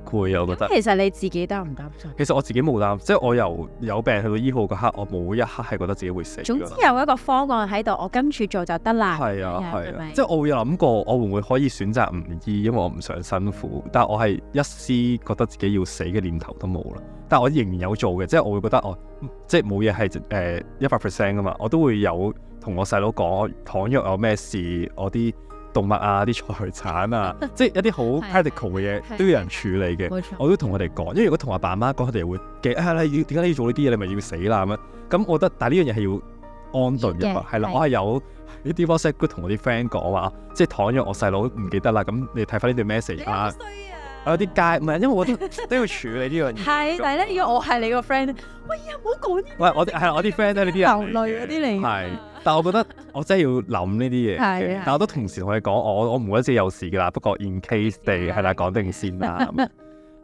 S2: 攰啊！我覺得。其
S1: 實你自己擔唔擔
S2: 心？其實我自己冇擔心，即係我由有病去到醫好嗰刻，我冇一刻係覺得自己會死。總之
S1: 有一個方案喺度，我跟住做就得啦。係啊，係、啊啊、即係
S2: 我，我會諗過，我會唔會可以選擇唔醫？因為我唔想辛苦，但我係一絲覺得自己要死嘅念頭都冇啦。但我仍然有做嘅，即係我會覺得我、哦、即係冇嘢係誒一百 percent 㗎嘛，我都會有同我細佬講。倘若有咩事，我啲動物啊、啲財產啊， 即係一啲好 critical 嘅嘢都要有人處理嘅。的我都同佢哋講，因為如果同阿爸阿媽講，佢哋會驚啊、哎？你要點解要做呢啲嘢？你咪要死啦咁樣。咁、嗯、我覺得，但係呢樣嘢係要安頓嘅，係啦、嗯。Yeah, 嗯、的我係有呢啲 WhatsApp，group 同我啲 friend 講話，即係倘若我細佬唔記得啦，咁你睇返呢段 message 啊。有啲街唔係因為我都，都要處理呢樣嘢。係， 但係
S1: 咧，如果我係你個 friend 咧，喂，唔好講。
S2: 喂，我係我啲 friend 咧，你啲人流淚嗰啲嚟。係， 但係我覺得我真係要諗呢啲嘢。係 的但我都同時同佢講，我我唔覺得自己有事㗎啦。不過 in case 地係啦，講 定先啦。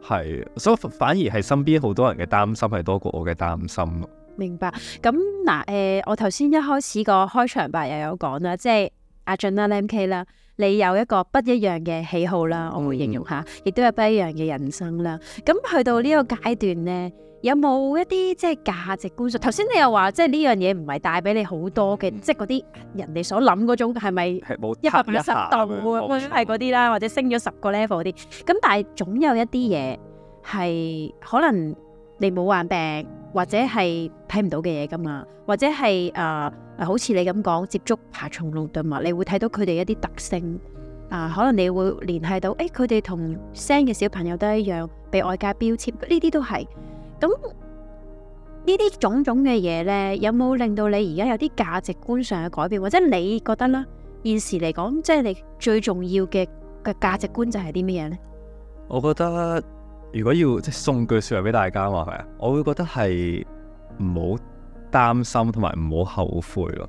S2: 係， 所以反而係身邊好多人嘅擔心係多過我嘅擔心
S1: 明白。咁嗱，誒、呃，我頭先一開始個開場白又有講啦，即係阿俊啦、LamK 啦。你有一個不一樣嘅喜好啦，我會形容下，亦都有不一樣嘅人生啦。咁去到呢個階段咧，有冇一啲即係價值觀上？頭先你又話即係呢樣嘢唔係帶俾你好多嘅，即係嗰啲人哋所諗嗰種係咪一百八十度啊？係嗰啲啦，或者升咗十個 level 嗰啲。咁但係總有一啲嘢係可能你冇患病。或者係睇唔到嘅嘢噶嘛，或者係誒、呃，好似你咁講，接觸爬蟲龍動物，你會睇到佢哋一啲特性啊、呃，可能你會聯繫到誒，佢哋同 SEN 嘅小朋友都一樣被外界標籤，呢啲都係咁，呢啲種種嘅嘢呢，有冇令到你而家有啲價值觀上嘅改變？或者你覺得咧，現時嚟講，即係你最重要嘅嘅價值觀就係啲咩嘢呢？
S2: 我覺得。如果要即係送句說話俾大家嘛，係咪啊？我會覺得係唔好擔心同埋唔好後悔咯，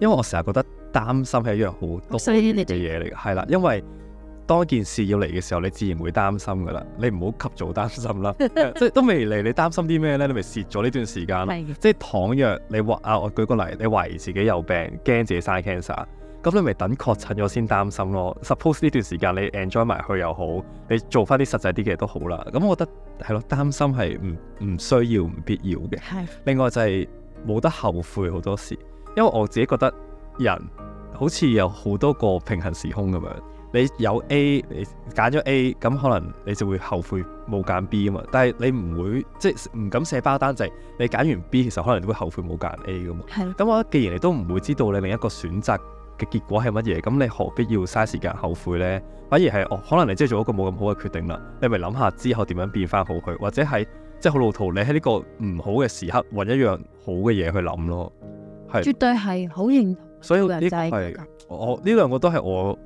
S2: 因為我成日覺得擔心係一樣好多嘅嘢嚟，係啦， 因為當件事要嚟嘅時候，你自然會擔心噶啦，你唔好及早擔心啦， 即係都未嚟，你擔心啲咩呢？你咪蝕咗呢段時間咯。 即係倘若你話啊，我舉個例，你懷疑自己有病，驚自己生 cancer。咁你咪等確診咗先擔心咯。Suppose 呢段時間你 enjoy 埋佢又好，你做翻啲實際啲嘅都好啦。咁我覺得係咯，擔心係唔唔需要、唔必要嘅。的另外就係冇得後悔好多事，因為我自己覺得人好似有好多個平行時空咁樣。你有 A，你揀咗 A，咁可能你就會後悔冇揀 B 啊嘛。但係你唔會即係唔敢寫包單單字，就係、你揀完 B 其實可能你都會後悔冇揀 A 噶嘛。係的。咁我覺得既然你都唔會知道你另一個選擇嘅結果係乜嘢？咁你何必要嘥時間後悔呢？反而係哦，可能你真係做一個冇咁好嘅決定啦。你咪諗下之後點樣變翻好佢，或者係即係好老套。你喺呢個唔好嘅時刻，揾一樣好嘅嘢去諗咯。係，絕
S1: 對係好認同。
S2: 所以呢、係、我呢兩個都係我。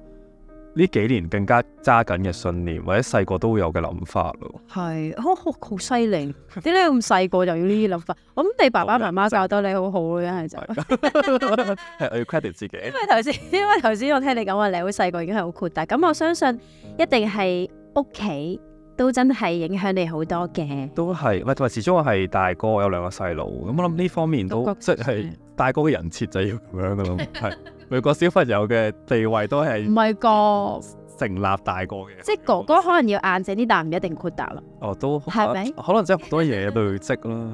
S2: 呢幾年更加揸緊嘅信念，或者細個都會有嘅諗法咯。
S1: 係，好好好犀利，點解咁細個就要呢啲諗法？咁你爸爸媽媽教得你好好咯，一係就
S2: 係要 credit 自己。因為
S1: 頭先，因為頭先我聽你講話，你好細個已經係好闊大。咁我相信一定係屋企都真係影響你好多嘅。都
S2: 係，唔同埋始終我係大哥，我有兩個細路，咁、嗯、我諗呢方面都、嗯、狗狗即係大哥嘅人設就要咁樣噶咯，係。 每個小朋友嘅地位都係唔係個成立大個嘅，
S1: 即係哥哥可能要硬淨啲，但係唔一定豁達咯。
S2: 哦，都係咪？可能真係好多嘢都要積囉，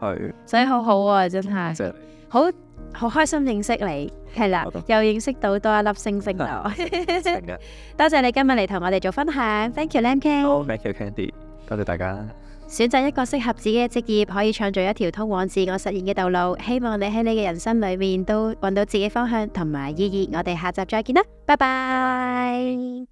S2: 係。
S1: 所以好好啊，真係，好好開心認識你，係啦，又認識到多一粒星星咯。係嘅，多謝你今日嚟同我哋做分享，Thank you, LamK。好
S2: ，Thank you, Candy。多謝大家。
S1: 選擇一個適合自己嘅職業，可以創造一條通往自我實現嘅道路。希望你喺你嘅人生裏面都揾到自己方向同埋意義。我哋下集再見啦，拜拜。